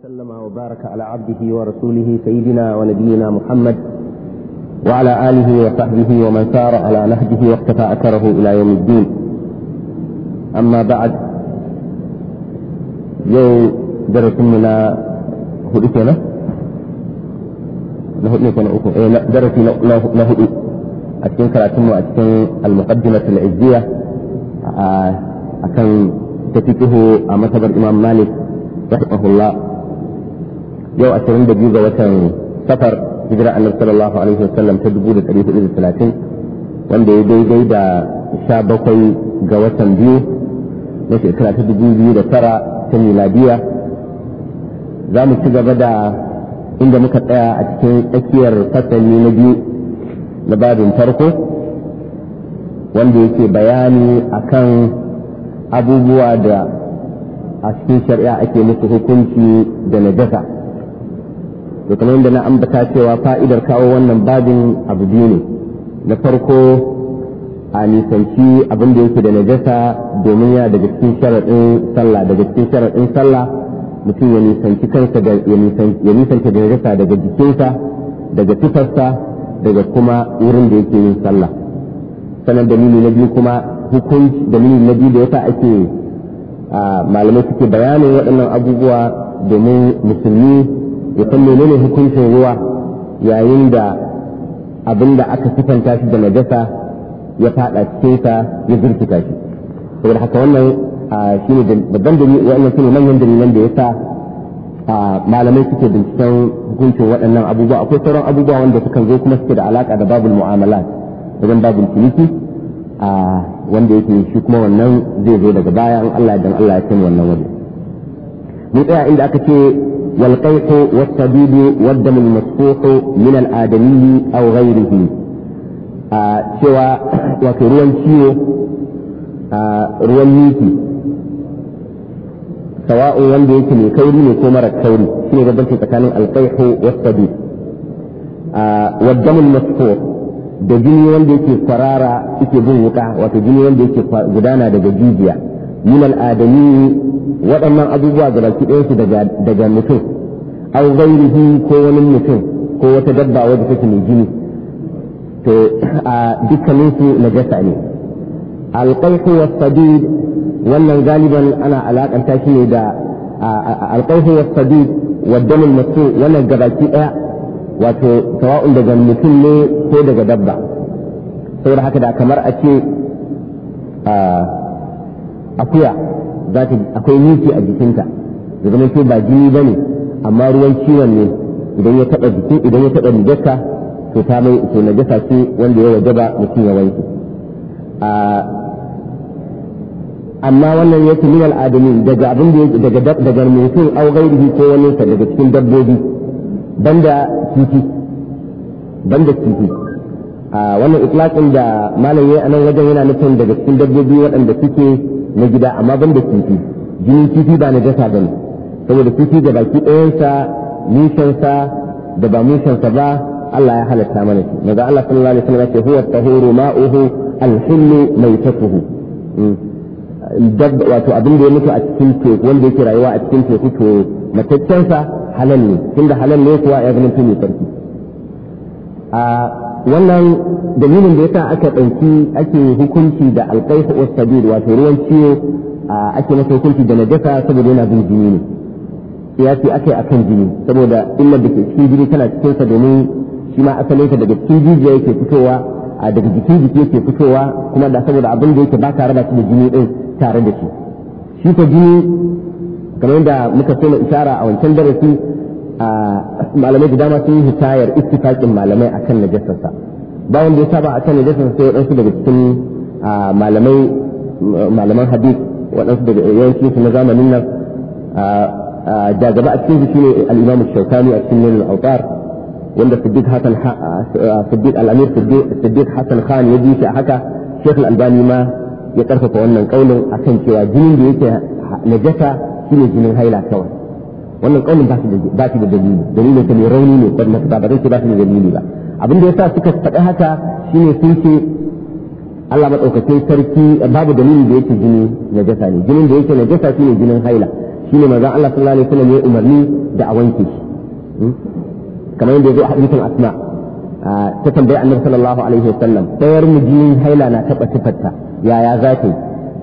وسلم وبارك على عبده ورسوله سيدنا ونبينا محمد وعلى آله وصحبه ومن سار على نهجه واقتفى أثره إلى يوم الدين أما بعد يوم درس منا هدئتنا نهدئتنا أكو إيه، درس نهدئ أتكين كراتم وأتكين المقدمة العزية آه، أكن تتكه مذهب الإمام مالك رحمه الله yau da biyu ga watan safar hijira annabi sallallahu alaihi wasallam ta dubu da da hudu talatin, wanda ya daidai da sha bakwai ga watan biyu na shekara ta tara ta miladiya za mu ci gaba da inda muka tsaya a cikin tsakiyar fasali na biyu na babin farko wanda yake bayani akan abubuwa da a cikin shari'a ake musu hukunci da najasa. da kuma yadda na ambata cewa fa'idar kawo wannan babin abu biyu ne na farko a nisanci abin da yake da najasa domin ya daga cikin sharaɗin sallah daga cikin sharaɗin sallah mutum ya nisanci kansa da ya nisanci da najasa daga jikinsa daga tufarsa daga kuma wurin da yake yin sallah sanar dalili na biyu kuma hukunci dalili na biyu da yasa ake malamai suke bayanin waɗannan abubuwa domin musulmi ya san menene hukuncin ruwa yayin da abin da aka sifanta shi da najasa ya fada cikinsa ya zurkita shi saboda haka wannan shi ne babban dalili wannan shi ne manyan dalilan da yasa sa malamai suke binciken hukuncin waɗannan abubuwa akwai sauran abubuwa wanda sukan zo kuma suke da alaka da babul mu'amalat wajen babul ciniki wanda yake shi kuma wannan zai zo daga baya in Allah dan Allah ya sani wannan wani mu tsaya inda aka ce والقيح والصديد والدم المسفوح من الآدمي أو غيره سوى وكروان شيو ruwan miki sawa'un wanda yake mai kauri ne ko mara kauri shi ne bambanci tsakanin alƙaihu wasabi waddamul masfur da jini wanda yake kwarara yake bin wuka wato jini wanda yake gudana daga jijiya min al'adami waɗannan abubuwa ga baki ɗayansu daga mutum aw ghairihi ko wani mutum ko wata dabba wadda take mai jini to a dukkaninsu najasa ne القيح والصديد wannan galiban ana alakanta shi ne da alƙaihu wa sadid wa damin mutum wannan gabaki ɗaya wato tawa'un daga mutum ne ko daga dabba da haka da kamar a akuya zata akwai miki a jikinta da zama sai ba jini ba ne amma ruwan ciwon ne idan ya taɓa jikin idan ya taɓa rigarka to ta mai to najasa ce wanda ya wajaba mutum ya wanke amma wannan yake min al'adamin daga abin da yake daga daga mutum au gairihi ko wani sa daga cikin dabbobi banda titi banda titi a wannan itlaqin da malam yayi anan wajen yana nufin daga cikin dabbobi waɗanda suke na gida amma ban da kifi jinin kifi ba na jasa bane saboda kifi da baki ɗayansa nisansa da ba nisansa ba Allah ya halatta mana shi maza Allah sallallahu alaihi wasallam ce huwa tahuru ma'uhu al-hillu maytatuhu hmm. dab wato abin da ya mutu a cikin teku wanda yake rayuwa a cikin teku to mataccensa halal ne tunda halal ne kuwa ya zama tuni sarki a ah, wannan dalilin da yasa aka ɗauki ake hukunci da alƙaihu sabir wato ruwan ciwo ake masa hukunci da najasa saboda yana bin jini ne ya ce aka yi akan jini saboda illar da ke cikin jini tana cikin sa domin shi ma asalin daga cikin jijiya yake fitowa a daga jikin jiki yake fitowa kuma da saboda abin da yake ba tare da da jini din tare da shi shi ta jini kamar yadda muka so ishara isara a wancan darasi malamai da dama sun yi hitayar ittifaqin malamai akan najasarsa ba wanda ya saba akan najasarsa sai wadansu daga cikin malamai malaman hadith wadansu daga yawanci su na zamanin nan da gaba a cikin shi ne al-Imam Shawkani a cikin Nilal Awtar wanda Siddiq Hassan Siddiq Al-Amir Siddiq Hassan Khan ya ji shi a haka Sheikh Al-Albani ma ya karfafa wannan kaulin akan cewa jinin da yake najasa shine jinin haila kawai wannan kaunin ba shi da ba shi da dalili dalilin ta ne rauni ne kwanna ba ba zai ce ba shi da dalili ba abin da yasa suka faɗi haka shine sun ce Allah madaukakin sarki babu dalilin da yake jini na jasa ne jinin da yake na jasa shine jinin haila shine manzon Allah sallallahu alaihi wasallam ya umarni da a wanke shi hmm? kamar yadda ya zo a hadisin asma ta tambayi annabi sallallahu alaihi wasallam tsayar mu jinin haila na taɓa sifarta yaya za ta yi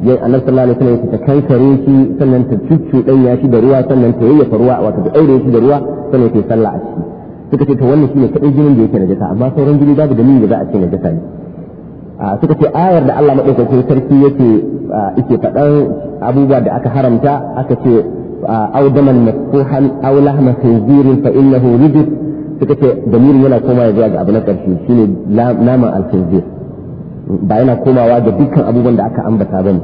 ya annabi sallallahu alaihi wasallam ta kankare shi sannan ta cucu cuccuɗanya shi da ruwa sannan ta yayyafa ruwa wato ta ɗaure shi da ruwa sannan ta yi sallah a ciki suka ce to wannan shine kadai jinin da yake najasa amma sauran jini babu dalili da za a ce najasa ne suka ce ayar da Allah madaukakin sarki yake yake faɗan abubuwa da aka haramta aka ce aw daman masfuhan aw lahma khinzirin fa innahu rijis suka ce damirin yana komawa ya ga abu na karshe shine nama al-khinzir ba yana komawa da dukkan abubuwan da aka ambata bane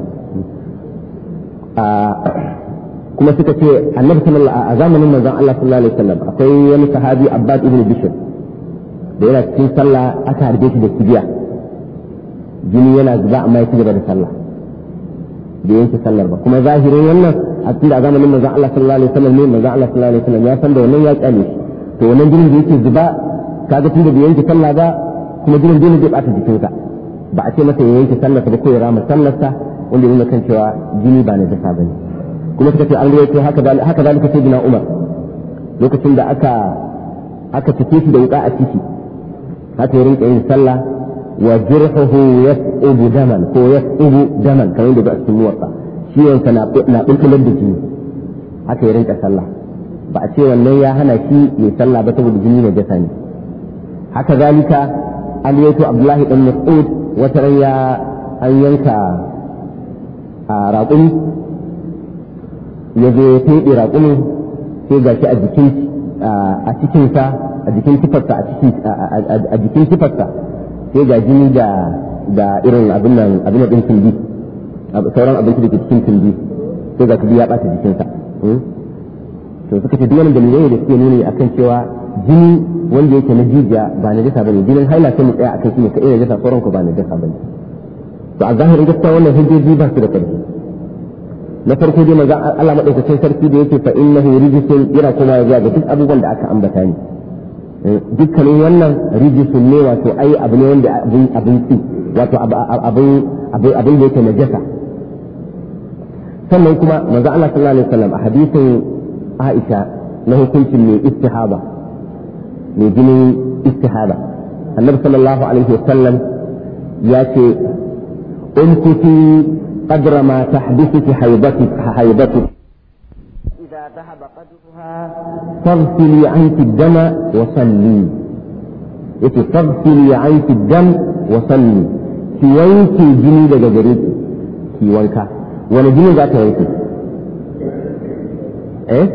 kuma suka ce annabi sallallahu a zamanin manzon Allah sallallahu alaihi wasallam akwai wani sahabi Abbas ibn Bishr da yana cikin sallah aka harbe shi da kibiya jini yana zuba amma ya cigaba da sallah da yanke sallar ba kuma zahirin wannan a cikin da zamanin manzon Allah sallallahu alaihi wasallam ne manzon Allah sallallahu alaihi wasallam ya san da wannan ya kyale to wannan jinin da yake zuba kaga tunda bai yanke sallah ba kuma jinin dole zai bata jikinka ba a ce masa ya yanke sallarsa ba ko ya rama sallarsa wanda yana kan cewa jini ba na jasa bane kuma suka ce an ruwaito haka haka zalika sai bina Umar lokacin da aka aka cike shi da wuka a ciki haka ya rinka yin sallah wa jirhuhu yas'ubu daman ko yas'ubu daman kamar da ba cikin muwatta ciwon sa na bulbular da jini haka ya rinka sallah ba a ce wannan ya hana shi ya sallah ba saboda jini na jasa ne haka zalika an ruwaito Abdullahi dan Mas'ud wata ran ya an yanka a raƙumi ya zo ya feɗe raƙuni sai ga shi a jikin a cikinsa a jikin tufarsa a jikin tufarsa sai ga jini da da irin abin nan abin nan tumbi sauran abinci da ke cikin tumbi sai ga kudi ya ɓata jikinsa hmm? to suka ce duk wani dalilai da suke nuni akan cewa jini wanda yake na jijiya ba na jasa bane jinin haila sai mu tsaya akan shi ka iya na jasa sauran ku ba na jasa bane to a zahirin gaskiya wannan hujjoji ba su da karfi na farko dai maza Allah madaukakin sarki da yake fa innahu rijsun yana kuma ya ga duk abubuwan da aka ambata ni eh, dukkanin wannan rijsun ne wato ai abu ne wanda abin abin ci wato abin abin da yake najasa sannan kuma maza Allah sallallahu alaihi wasallam a hadisin Aisha na hukuncin mai istihaba mai استحابة النبي صلى الله عليه وسلم ياتي ce انكتي قدر ما في حيضتك حيضتك إذا ذهب قدرها فاغسلي عنك الدم وصلي ياتي تغسلي عنك الدم وصلي في وينك جني دقا في وينك وانا جني ذات ايه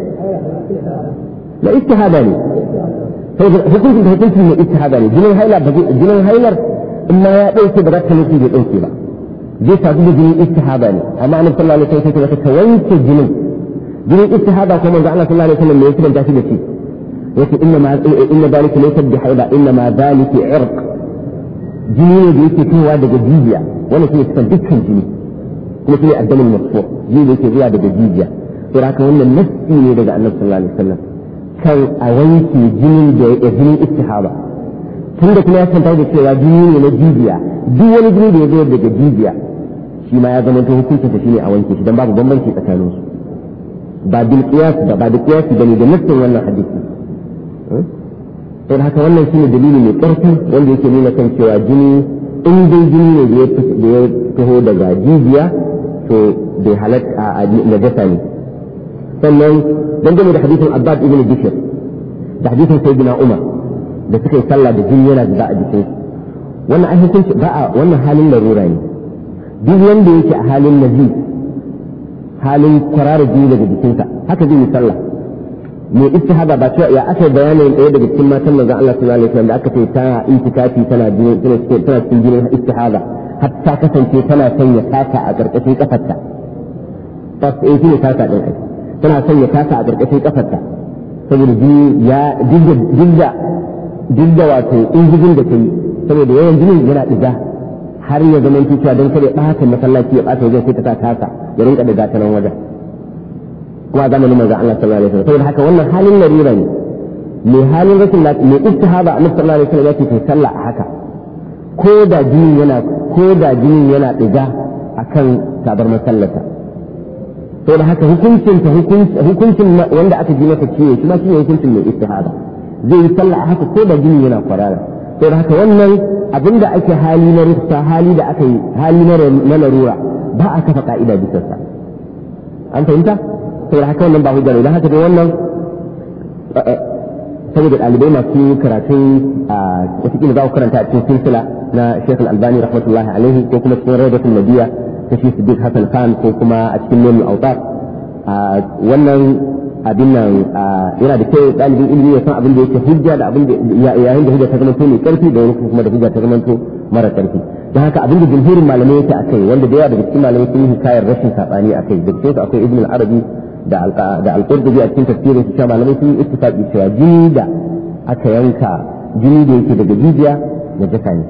لا استهاداني hukuncin da hukuncin mai istihada ne jinin haila ba jinin hailar in ma ya dauke ba za ta mutu bai dauke ba zai sadu da jinin istihada ne amma annabi sallallahu alaihi wasallam ya ce ka wanke jinin jinin istihada kuma manzo Allah sallallahu alaihi wasallam ya kiranta shi da shi yace inna ma inna dalika laysa bi haila inna ma dalika irq jini ne da yake fitowa daga jijiya wannan shine cikin dukkan jini kuma shine addamin masfur jini da yake zuwa daga jijiya sai haka wannan nafsi ne daga annabi sallallahu alaihi wasallam kan a wanke jinin da ya jinin istihaba tun da kuma ya kanta da cewa jini ne na jibiya duk wani jini da ya zo daga jibiya shi ma ya zama hukuncin ta shine a wanke shi dan babu bambanci tsakanin su ba bil qiyas ba ba da qiyas bane da nassin wannan hadisi to hmm? haka wannan shine dalili mai karfi wanda yake nuna kan cewa jini in dai jini ne da ya taho daga jibiya to bai halatta a najasa ne sannan dangane da hadisin abbad ibn bishr da hadisin sayyidina umar da suka yi sallah da jini yana zuba a jikin wannan an hukunci ba a wannan halin larura ne duk wanda yake a halin nazi halin kwarara jini daga jikinsa haka zai yi sallah me haka ba cewa ya aka bayanin ɗaya daga cikin matan manzon Allah sallallahu alaihi wasallam da aka ce ta intikafi tana jini tana cikin jini istihaba hatta kasance tana sanya saka a ƙarƙashin kafarta ta eh, sai ne saka ɗin aiki tana son ya kasa a ƙarƙashin ƙafarta saboda ya dinga dinga wato injibin da kai yi saboda yawan jinin yana diga har ya zama cewa don kada ya ɓata masallaci ya ɓata wajen sai ta kasa ya rinka da ta nan wajen kuma a zamanin manzo Allah sallallahu alaihi wasallam saboda haka wannan halin larura ne mai halin rashin lafiya mai ittihaba a sallallahu alaihi wasallam ya sallah a haka ko da jinin yana ko da jinin yana diga akan tabar masallata to da haka hukuncin ta hukuncin wanda aka ji masa ciwo shi ma shi ne hukuncin mai istihada zai yi sallah haka ko da jini yana kwarara to da haka wannan abinda ake hali na rufta hali da aka yi hali na larura ba a kafa ka'ida bisa sa an fahimta da haka wannan ba hujja ne don haka dai wannan eh, eh, saboda ɗalibai masu karatun a wataƙila za ku karanta a cikin silsila na Sheikh Al-Albani rahmatullahi alaihi ko kuma cikin Rawdatul Nabiyya ta shi Siddiq Hassan Khan ko kuma a cikin Nurul Awtar wannan abin nan yana da kyau dalibin ilimi ya san abin da yake hujja da abin da yayin da hujja ta zama mai karfi da wani kuma da hujja ta zama mara karfi don haka abin da jumhurin malamai yake akai wanda da yawa daga cikin malamai sun yi hikayar rashin saɓani akai da kai akwai Ibn Arabi da alƙurdubi a cikin tafsirin su cewa malamai sun yi ittifaqi cewa jini da aka yanka jini da yake daga jijiya da jaka ne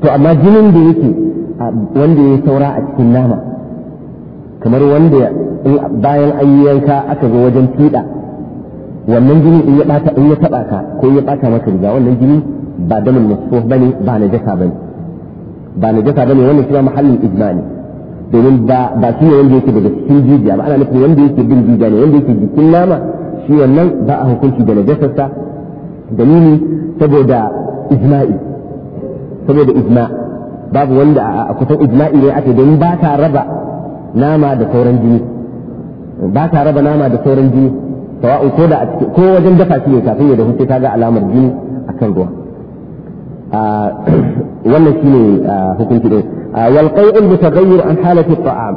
to amma jinin da yake wanda ya saura a cikin nama kamar wanda bayan an yi yanka aka zo wajen fiɗa wannan jini in ya ɓata in ya taɓa ka ko ya ɓata maka riga wannan jini ba damin ba ne ba na bane ba najasa bane wannan shi ma mahallin ijma ne domin ba shi ne wanda yake daga cikin jijiya ba ana nufin wanda yake bin jijiya ne wanda yake jikin nama shi wannan ba a hukunci da najasarsa nini saboda ijma'i saboda ijma babu wanda a kusan ijma'i ne ake domin ba ta raba nama da sauran jini ba ta raba nama da sauran jini sawa'un ko da ko wajen dafa shi ne kafin ya da hukunci ta ga alamar jini akan ruwa wannan shine hukunci din wal qai'ul mutaghayyir an halati ta'am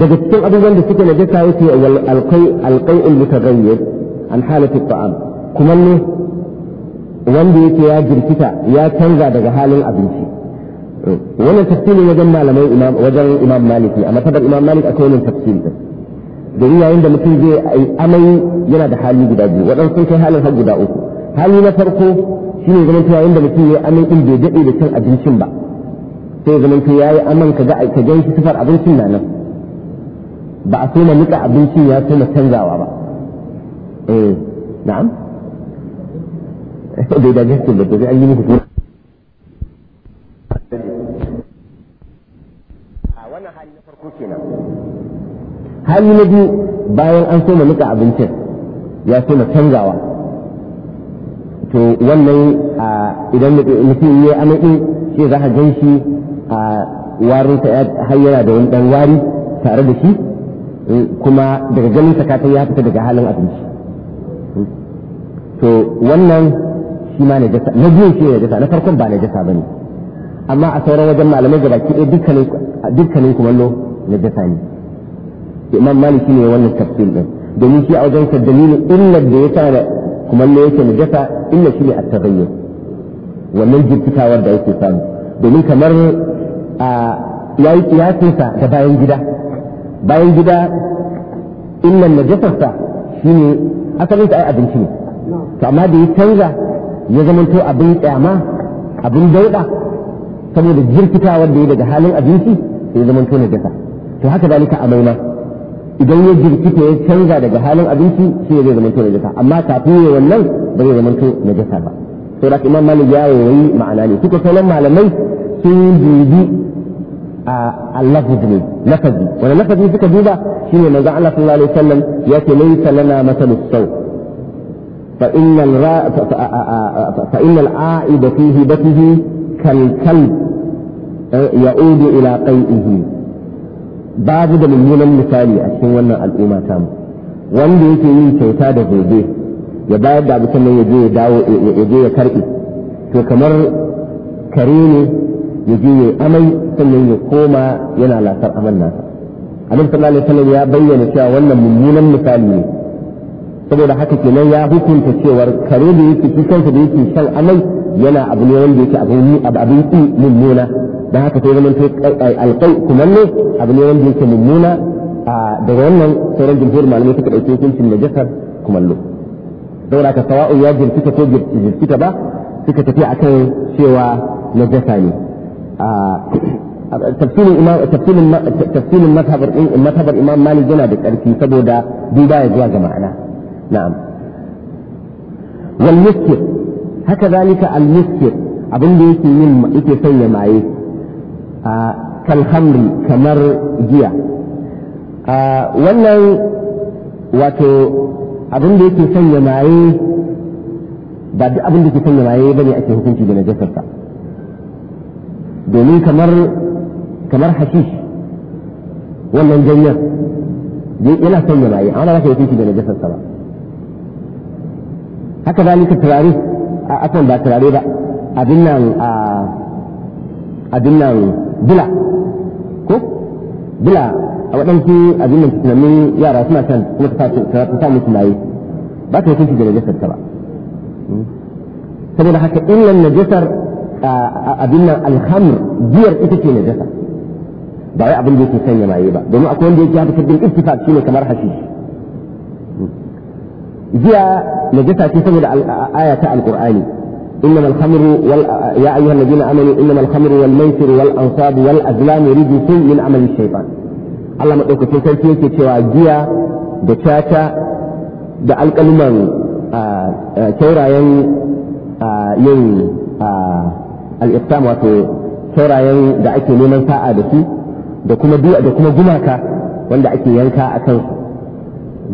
daga cikin abubuwan da suke najasa yake wal alqai alqai'ul mutaghayyir an halati ta'am kuma ne wanda yake ya jirkita ya canza daga halin abinci wannan tafsirin wajen malamai imam wajen imam maliki a matabar imam malik akwai wannan tafsirin domin yayin da mutum zai amai yana da hali guda biyu waɗansu kai halin har guda uku hali na farko shi ne zama cewa inda mutum ya amin in bai daɗe da cin abincin ba sai zama cewa ya yi aman ka ga ka gan shi sifar abincin na nan ba a so na nika abincin ya so na canzawa ba eh na'am bai da gaskin da zai an yi muku tura a wannan hali na farko kenan hali na biyu bayan an so na nika abincin ya so na canzawa to wannan idan mutum ya amince shi za a gan shi a warin ta har da wani dan wari tare da shi eh, kuma daga ganin sa ya fita daga halin abinci to wannan shi ma najasa na biyu shi najasa na farkon ba najasa bane amma a sauran wajen malamai gabaki ɗaya dukkanin dukkanin kumallo najasa ne imam maliki ne wannan tafsir din domin shi a wajen sa dalilin illar da ya sa kumallo yake najasa illa shine at-taghayyur wannan jirkitawar da yake samu domin kamar ya yayi kiyasinsa da bayan gida bayan gida illan najasarsa shine asalin sa ai abinci ne to amma da ya canza ya zamanto abin kyama abin dauda saboda jirkitawar da ya daga halin abinci ya ya zamanto najasa to haka zalika amaina idan ya jirkita ya canza daga halin abinci sai zai zama to najasa amma kafin ya wannan ba zai zama to najasa ba saboda imam malik ya yi ma'ana ne suka sauran malamai sun dubi a allafu ne lafazi wani lafazi suka duba shine manzo Allah sallallahu alaihi wasallam ya ce laysa lana masalu saw fa innal ra fa innal a'ida fi hibatihi kal kalb eh, ya'udu ila qai'ihi babu da mummunan misali a cikin wannan al'umma ta mu wanda yake yin kyauta da gobe ya bayar da abutan nan ya je ya dawo ya je ya to kamar kare ne ya je ya amai sannan ya koma yana lasar aman nasa annabi sallallahu alaihi wasallam ya bayyana cewa wannan mummunan misali ne saboda haka kenan ya hukunta cewar kare da yake shi da yake shan amai yana abu ne wanda yake abu abin mummuna dan haka sai zaman alƙai kumanne abu ne wanda yake mummuna daga wannan sauran jumhur malamai suka ɗauke sun hukuncin najasar kumallo saboda haka sawa'u ya jirkita ko jirkita ba suka tafi akan cewa najasa ne tafsirin imam tafsirin tafsirin mazhabar mazhabar imam malik yana da ƙarfi saboda duba ya zuwa ga ma'ana na'am wal muskir haka zalika al muskir abin da yake yin yake sanya maye kalhamri kamar giya wannan wato abin da yake sanya maye ba duk abin da ke sanya maye ba ne ake hukunci da najasarsa domin kamar hashish wannan janyar yana sanya maye amma ba ka hukunci da najasarsa ba haka zalika turare a akan ba turare ba a abin nan bula bila a waɗansu abin nan tunanin yara suna can kuma ta sa musu layi ba ta hukunci da najasar ta ba hmm. saboda haka illan najasar abin nan alhamr biyar ita ce najasa ba wai abin da yake sanya maye ba domin akwai wanda yake hada sabbin shi ne kamar hashish giya hmm. najasa ce saboda aya ta alqur'ani إنما الخمر وال... يا أيها الذين آمنوا إنما الخمر والميسر والأنصاب والأزلام رجس من عمل الشيطان Allah maɗaukacin sarki cewa giya da caca da alƙaluman taurayen yin al'iftam wato taurayen da ake neman sa'a da su da kuma da kuma gumaka wanda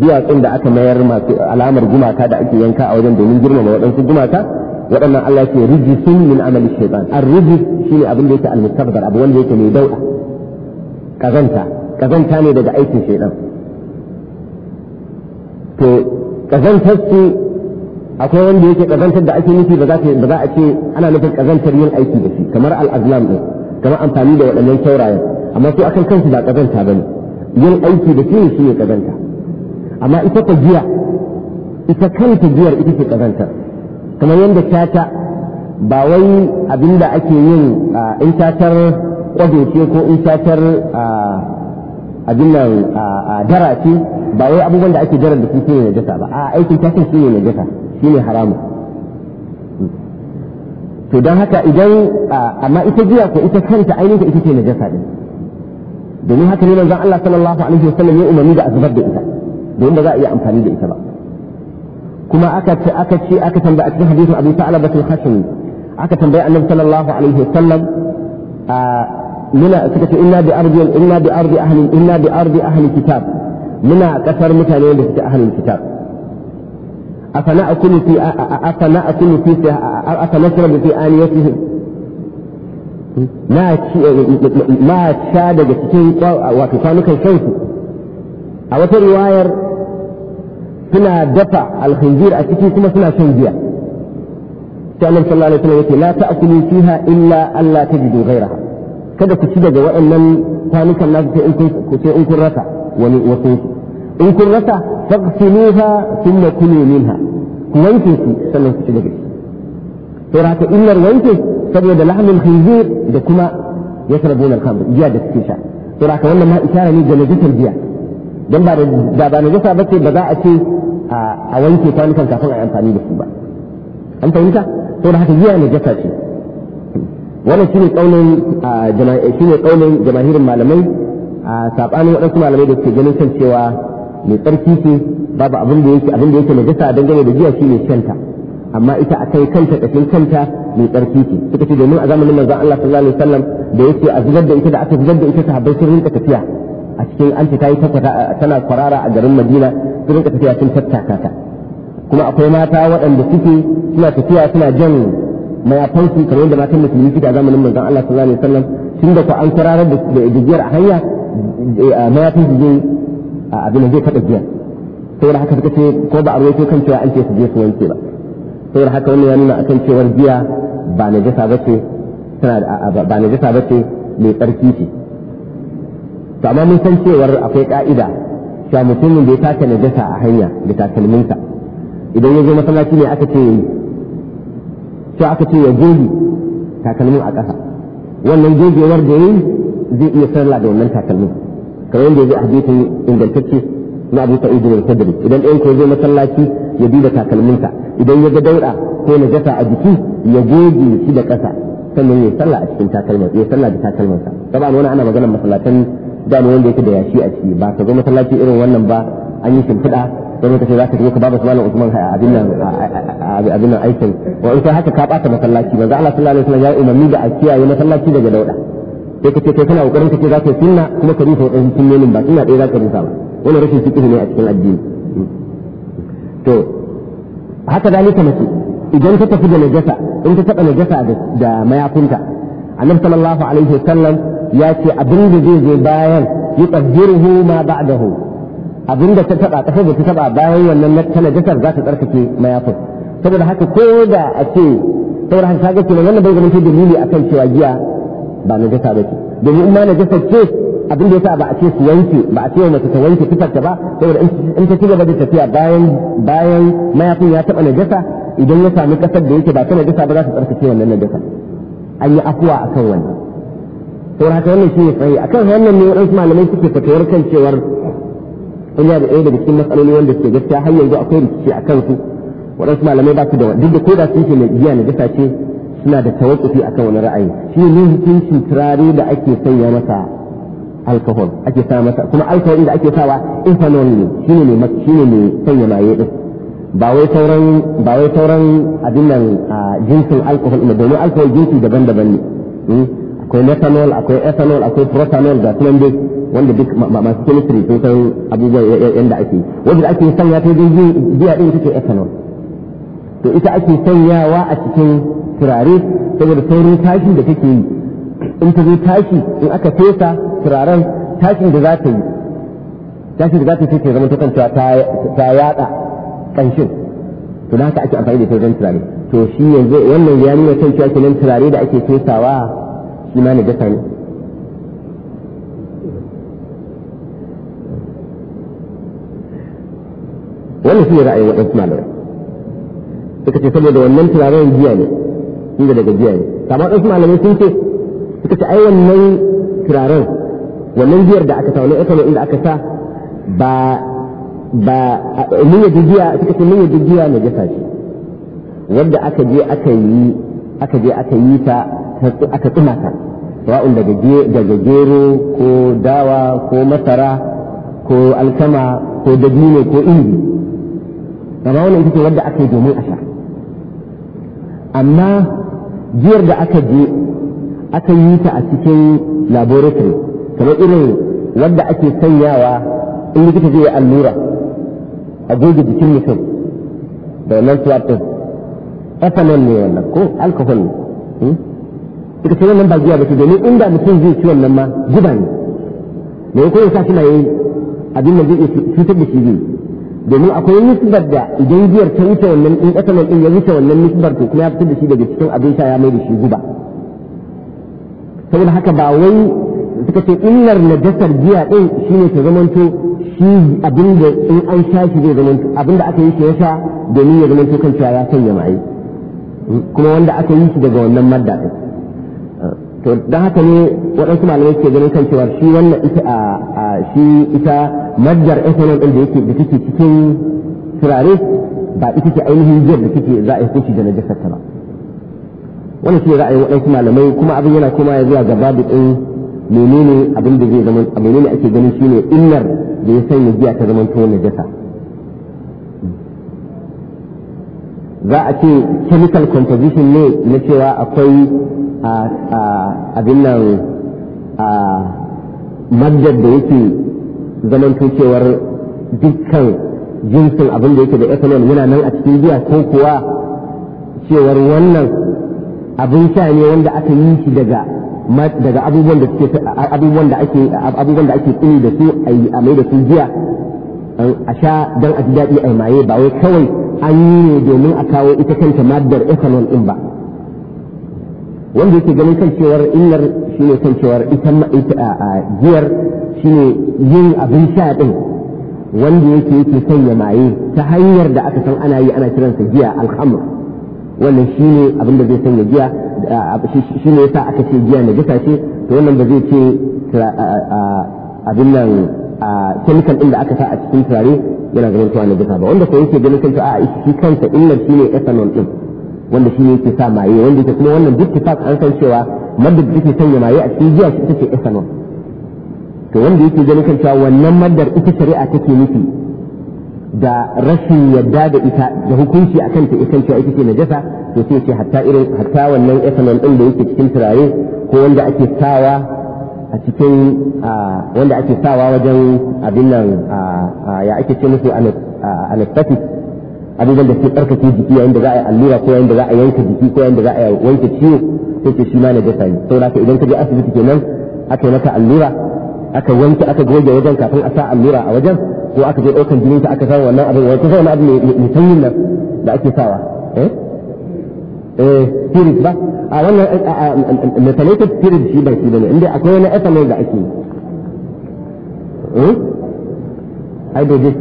duwatsun da aka mayar masu gumaka da yanka a wajen domin girmama waɗansu gumaka waɗannan Allah ya ce rijisun min amali shaytan ar-rijis shine abin da yake al-mustaqbar abu wanda yake mai dauda kazanta kazanta ne daga aikin shaytan to kazantar su akwai wanda yake kazantar da ake nufi ba za ba za a ce ana nufin kazantar yin aiki da shi kamar al-azlam din kamar amfani da waɗannan saurayen. amma su akan kansu ba kazanta bane yin aiki da shi shi ne kazanta amma ita ta giya ita kanta giyar ita ce kazantar kamar yadda tata ba wai da ake yin in tatar kwado ce ko in tatar abin nan dara ce ba wai abubuwan da ake jarar da su ne najasa ba a aikin tatar shi ne najasa shi ne haramun to don haka idan amma ita jiya ko ita kanta ainihin ita ce najasa ne domin haka ne manzon Allah sallallahu alaihi wasallam ya umarni da a zubar da ita domin ba za a iya amfani da ita ba kuma aka ce aka ce aka tambaya a cikin hadisin Abu Sa'ala batul Hashimi aka tambaya Annabi sallallahu alaihi wasallam a muna suka ce inna bi ardi inna bi ardi ahli inna bi ardi ahli kitab muna kasar mutane da suke ahlul kitab afana akulu fi afana akulu fi afana shrabu fi aniyatihim na ci eh, na sha daga cikin wato kwanukan kansu a wata riwayar suna dafa alkhinzir a ciki kuma suna shan giya sai annabi sallallahu alaihi wasallam yace la ta'kulu fiha illa alla tajidu ghayraha kada ku ci daga waɗannan kwanukan na sai in kun sai in kun rasa wani wasu in kun rasa faghsiluha thumma kulu minha ku wanke su sannan ku ci daga shi saboda haka illar wanke saboda lahmul khinzir da kuma yasrabuna al-khamr giya da suke sha saboda haka wannan ma isharar ne ga najitar giya dan ba da ba najasa bace ba za a ce a wanke kwanukan kafin a yi amfani da su ba an fahimta to da haka giya ne jasa ce wannan shine kaunin shine kaunin jama'irin malamai a sabanin waɗansu malamai da suke ganin kan cewa mai tsarki ce babu abin da yake abin da yake najasa dangane da giya shine shanta amma ita akai kanta kafin kanta mai tsarki ce suka ce domin a zamanin manzon Allah sallallahu alaihi wasallam da yake a zubar da ita da aka zubar da ita sahabbai sun rinka tafiya a cikin an ta yi tana kwarara a garin madina su rinka tafiya sun tattaka ta kuma akwai mata waɗanda suke suna tafiya suna jan mayafansu kamar yadda matan musulmi suke a zamanin manzon Allah sallallahu alaihi wasallam tun da ku an kwararar da igiyar a hanya eh, mayafansu zai abin da zai taɓa giyar saboda haka suka ce ko ba a ruwaito kan cewa an ce su je su wanke ba saboda haka wannan ya nuna akan cewar giya ba najasa bace tana ba najasa bace mai tsarki ce to amma mun san cewar akwai ka'ida cewa mutumin da ya taka najasa a hanya da takalminsa idan ya zo masallaci ne aka ce yayi aka ce ya goge takalmin a ƙasa wannan gogewar da yayi zai iya sallah da wannan takalmin kamar yadda ya zo a hadisin ingantacce na Abu Sa'id al-Khudri idan ɗayan ko zo masallaci ya duba takalminsa idan ya ga dauɗa ko najasa a jiki ya goge shi da ƙasa sannan ya sallah a cikin takalmin ya sallah da takalminsa saboda wani ana maganar masallatan dama wanda yake da yashi a ciki ba ka zo masallaci irin wannan ba an yi shimfiɗa sai ka ce za ka zo ka babu malam Usman a abin nan abin nan aikin wa in kai haka ka bata masallaci manzo Allah sallallahu alaihi wasallam ya umarni da a kiyaye masallaci daga dauda sai ka ce kai kana kokarin ka ce za ka sunna kuma ka rufe wadannan sunnonin ba sunna dai za ka rufa ba wannan rashin fiqh ne a cikin addini to haka dalika mace idan ta tafi da najasa in ta taɓa najasa da mayafinta annabi sallallahu alaihi wasallam ya ce abin da zai zai bayan yi tsabbiruhu ma ba'dahu abin da ta taba kasar da ta taba bayan wannan na tanajasar za ta tsarkake mayafin saboda haka ko da a ce saboda haka kaga kenan wannan bai zama ce dalili akan cewa giya ba na najasa ba ce domin in ma najasa ce abin da yasa ba a ce su wanke ba a ce wa mace ta wanke fitarta ba saboda in ta ci gaba da tafiya bayan bayan mayafin ya taba najasa idan ya sami kasar da yake ba ta najasa ba za ta tsarkake wannan najasa an yi afuwa akan wannan saura ta wannan shine tsayi kan wannan ne waɗansu malamai suke fatawar kan cewar ina da ɗaya daga cikin matsaloli wanda suke gaskiya har yanzu akwai rikici a kansu waɗansu malamai ba su da duk da koda sun ce mai giya na gasa ce suna da tawakkufi akan wani ra'ayi shi ne hukuncin turare da ake sanya masa alkohol ake sa masa kuma alcohol da ake sawa ethanol ne shine ne shine ne sanya maye din ba wai sauran ba wai sauran abin nan jinsin alkohol ne domin alkohol jinsi daban-daban ne hmm? akwai methanol akwai ethanol akwai protanol ga kuma dai wanda duk masu chemistry sun san abubuwan yadda ake wanda ake sanya ta jirgin biya din take ethanol to ita ake sanyawa a cikin turare saboda saurin tashi da take yi in ta zo tashi in aka fesa turaren tashin da za ta yi tashin da za ta yi take zama ta kanta ta yada kanshin to da haka ake amfani da turaren turare to shi yanzu wannan ya nuna kan cewa kenan turare da ake fesawa shi ma najasa ne wannan shi ne ra'ayin waɗansu malamai suka ce saboda wannan turaren jiya ne inda daga jiya ne kama waɗansu malamai sun ce suka ce ai wannan turaren wannan jiyar da aka sa wannan ekano inda aka sa ba ba mun yadda jiya suka ce mun yadda giya jasa ce wanda aka je aka yi aka je aka yi ta aka tsina ta wa'un daga gero ko dawa ko masara ko alkama ko dabino ko inji amma wannan ita ce wadda aka yi domin a sha amma jiyar da aka je aka yi ta a cikin laboratory kamar irin wadda ake sanyawa in likita zai yi allura a goge jikin mutum da wannan suwa ɗin ethanol ne wannan ko alkohol ne hmm? ita sai wannan ba zuwa ba ce domin inda mutum zai ci wannan ma guba ne me ko ya sa shi mai abin da zai cutar da shi zai domin akwai nisbar da idan biyar ta wuce wannan in kasalan din ya wuce wannan nisbar to kuma ya fitar da shi daga cikin abin sha ya mai da shi guba saboda haka ba wai suka ce illar najasar giya din shine ta zamanto shi abin da in an sha shi zai zamanto abin da aka yi shi ya sha domin ya zamanto kan ya sanya mai kuma wanda aka yi shi daga wannan madda din to da haka ne waɗansu malamai suke ganin kan cewa shi wannan ita a shi ita madjar ethanol ɗin da yake da take cikin turare ba ita ce ainihin jiyar da take za a yi hukunci da najasar ta ba wannan shi ne ra'ayin waɗansu malamai kuma abin yana kuma ya zuwa gaba da ɗin menene abin da zai zama a menene ake ganin shi ne illar da ya sanya giya ta zama tuwon najasa za a ce chemical composition ne na cewa akwai abin nan Madar da yake zaman cewar dukkan jinsin abin da yake da ethanol yana nan a cikin giya ko kuwa cewar wannan abin sha ne wanda aka yi shi daga daga abubuwan da ake abubuwan da ake tsini da su a mai da su giya a sha don a ji daɗi a maye ba wai kawai an yi ne domin a kawo ita kanta maddar ethanol ɗin ba wanda yake ganin kan cewar illar shi ne kan cewar ita a giyar shi ne yin abin sha ɗin wanda yake yake sanya maye ta hanyar da aka san ana yi ana kiransa giya alhamur wannan shi ne abin da zai sanya giya shi ne yasa aka ce giya na gasa ce to wannan ba zai ce abin nan a kemikal ɗin da aka sa a cikin turare yana ganin cewa na gasa ba wanda ko yake ganin kan cewa a shi kansa illar shi ne ethanol ɗin wanda shi ne yake sa maye wanda yake kuma wannan duk kitab an san cewa madda da take sanya maye a cikin jiya shi ita ce ethanol to wanda yake ganin kan cewa wannan maddar ita shari'a take nufi da rashin yadda da ita da hukunci akan ta ita cewa ita ce najasa to sai ce hatta irin hatta wannan ethanol din da yake cikin turare ko wanda ake sawa a cikin wanda ake sawa wajen abin nan ya ake ce musu anesthetic abubuwan da suke tsarkake jiki yayin da za a yi allura ko yayin da za a yanka jiki ko yayin da za a wanke ciwo sai ce shi ma na jasa ne saboda haka idan ka je asibiti kenan aka yi maka allura aka wanke aka goge wajen kafin a sa allura a wajen ko aka je ɗaukan jinin aka sa wannan abin wani kusa wani abu mai sanyin nan da ake sawa eh, eh ba a wannan methylated spirit shi ba shi bane inda akwai wani ethanol da ake yi hmm? hydrogen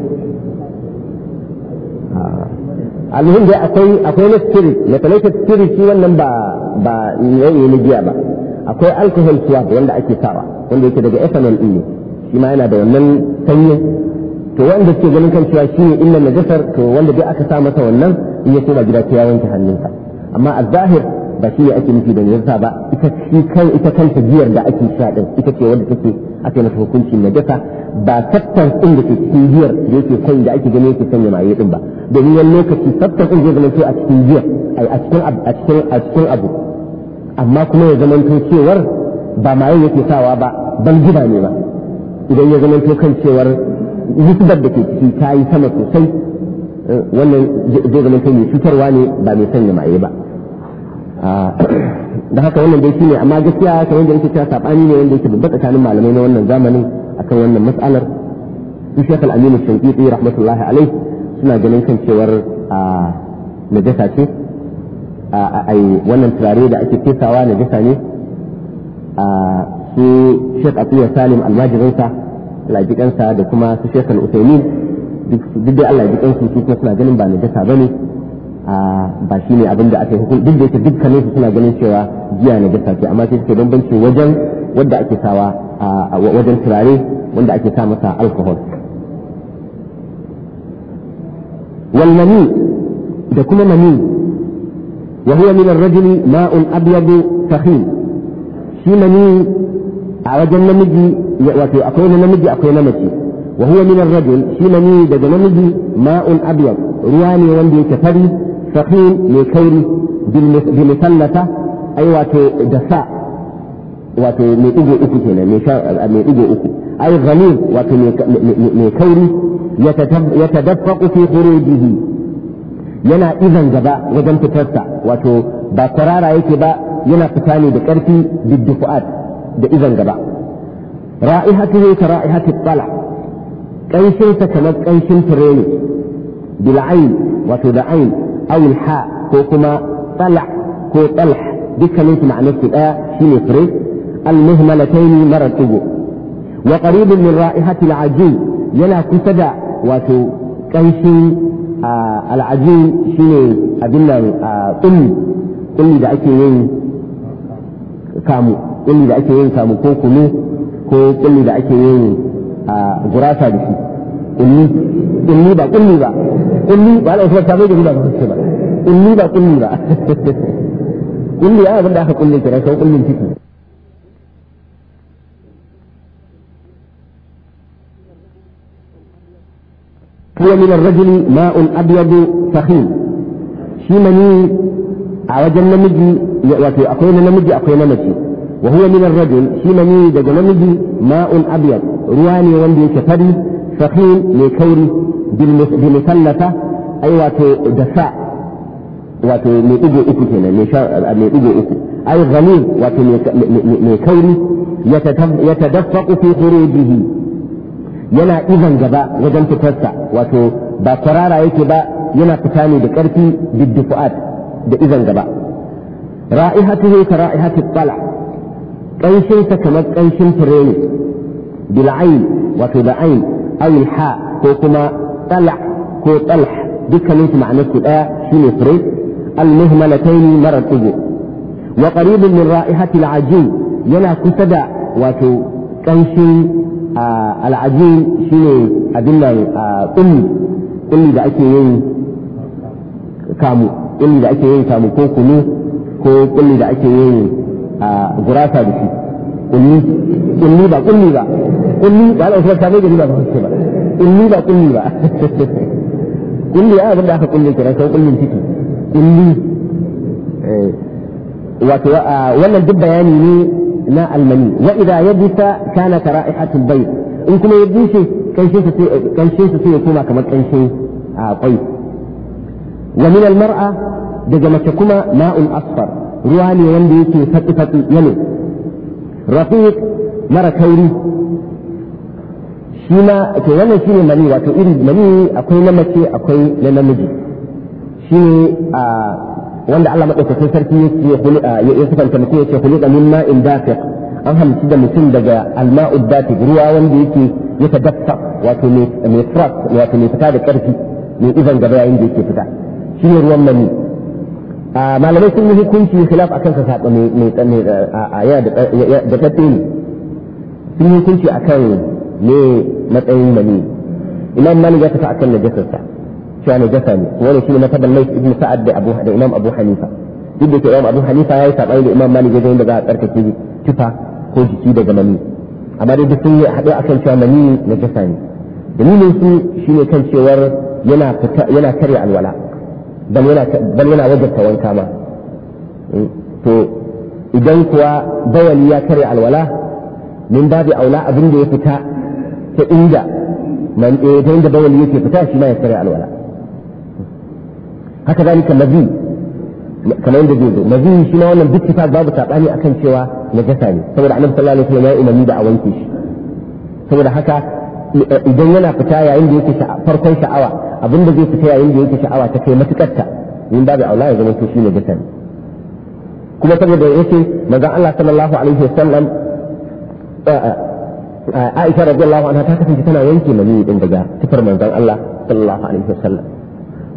almuhim dai akwai akwai na spirit methylated spirit shi wannan ba ba yayi na giya ba akwai alcohol swab wanda ake sawa wanda yake daga ethanol ne shi ma yana da wannan sanyi to wanda suke ganin kan cewa shi ne illan najasar to wanda dai aka sa masa wannan in ya koma gida ta ya wanke hannunsa amma a zahir ba shi ne ake nufi da najasa ba ita shi kai ita kanta giyar da ake sha din ita ce wanda take ake mata hukuncin najasa ba sattan din da ke cikin giyar da yake kai da ake gani yake sanya maye din ba domin wani lokaci tattar din zai zama a cikin giyar a cikin a cikin a cikin abu amma kuma ya zama cewar ba maye yake sawa ba bal gida ne ba idan ya zama kan cewar nisbar da ke ciki ta yi sama sosai eh, wannan zai zama kan cutarwa ne ba mai sanya maye ba Ah, da haka wannan dai shine amma gaskiya kamar da yake cewa sabani ne wanda yake babba tsakanin malamai na wannan zamanin akan wannan matsalar. su Sheikh Al-Amin Shanqiti rahmatullahi alaihi suna ganin kan cewar a ah, najasa ce ah, a wannan turare da ake fesawa najasa ne a su Sheikh Atiyya Salim almajirinsa lajikansa da kuma su Sheikh al uthaymeen duk da Allah ya kansu su kuma suna ganin ba najasa bane ba shi ne abin da aka yi hukun duk da yake dukkanin su suna ganin cewa giya na gasa ce amma sai suke bambancin wajen wadda ake sawa a wajen turare wanda ake sa masa alcohol wal da kuma mani wa huwa min ar-rajuli ma'un abyad sahin shi mani a wajen namiji wato akwai na namiji akwai na mace wa huwa min ar shi mani daga namiji ma'un abyad ruwa ne wanda yake fari saqim mai kauri bil musallata ai wato da sa wato mai digo uku kenan mai digo uku ai ghalib wato mai kauri yatadaffaqu fi khurujihi yana izan gaba wajen fitarsa wato ba kwarara yake ba yana fita ni da ƙarfi biddufu'at da izan gaba ra'ihatuhu ka ra'ihati tsala ƙanshinsa wato da أو الحاء كوكما طلع كو طلح دكا ليس معناه تبقى شنو فريس المهملتين مرتب وقريب من رائحة العجين يلا كسدا واتو كيشي آه العجين شيني أدلنا آه قل قل أكي وين كامو قل دا أكي وين كامو كوكو كو قل دا أكي وين آه غراسة بشي قل قل لي بقى قل لي بقى قل لي وهذا هو التعبير قل لي بقى قل لي آه، بقى قل لي انا بدي قل لي كذا قل لي الفتنه هو من الرجل ماء ابيض سخين شيمني مني نمجي وفي اقوين نمجي اقوين نمجي وهو من الرجل شيمني مني نمجي ماء ابيض رواني وندي كفري سخين لكوري bilmusallafa ai wato da sa wato mai ɗigo uku kenan mai ɗigo uku ai ghalil wato mai kauri ya ta tadaffaku fi khurujihi yana izan gaba wajen fitarsa wato ba kwarara yake ba yana fita ne da ƙarfi biddifu'at da izan gaba ra'ihatuhu ka ra'ihati tsala ƙanshinsa kamar ƙanshin fure ne bil'ain wato da ain awil ha ko kuma طلع كو طلح دكان معنى الآ في مصر المهملتين مرتب وقريب من رائحة العجين ينا كسدا واتو كنشي آه العجين شنو أدلنا آه قلي قلي دا أكي kamu kulli da ake yin kamu ko kunu ko kulli da ake yin a gurasa da shi kulli kulli ba kulli ba kulli ba da kulli ba kulli ba kulli abin da aka kulle kira sai kullin ciki kulli eh. wato wannan duk bayani ne na almani wa idza yabisa kana ka bayt in kuma ya bushe kanshin su kanshin ya koma kamar kanshin akwai. wa min almar'a daga mace kuma ma'un asfar ruwa ne wanda yake fatsi fatsi yalo rafiq mara kauri shi ma ke wannan ne mani wato iri mani akwai na mace akwai na namiji shi ne a wanda Allah madaukakin sarki ya yake ya sifanta mutum yake da min in dafiq an hamsi da mutum daga alma'u dafiq ruwa wanda yake ya tadaffa wato mai fras wato mai fita da karfi mai izan gaba yayin da yake fita shi ne ruwan mani malamai sun yi hukunci khilaf akan sa sabo mai mai da da sun yi hukunci akan ne matsayin mani imam malik ya tafi akan najasarsa cewa najasa ne wani shi ne matabar lais ibn sa'ad da abu da imam abu hanifa duk da ke imam abu hanifa yi sabani da imam malik wajen da za a tsarkake tufa ko jiki daga mani amma dai duk sun haɗu akan cewa mani najasa ne dalilin su shine kan cewar yana fita yana karya alwala bal yana bal yana wajabta wanka ma eh, to idan kuwa bawali ya karya alwala min babi aula abin da ya fita ta inda man eh, ta inda bawali yake fita shi ma ya tsare alwala haka zalika mazi kamar yadda zai zo mazi shi ma wannan duk kitab babu sabani akan cewa na gasa ne saboda annabi sallallahu alaihi wasallam ya umarni da a wanke shi saboda haka idan yana fita yayin da yake farkon sha'awa abin da zai fita yayin da yake sha'awa ta kai matukarta in babu aula ya zama to shi gasa ne kuma saboda yake manzon Allah sallallahu alaihi wasallam eh, eh, Aisha radiyallahu anha ta kasance tana yanke maniyi din daga tufar manzon Allah sallallahu alaihi wasallam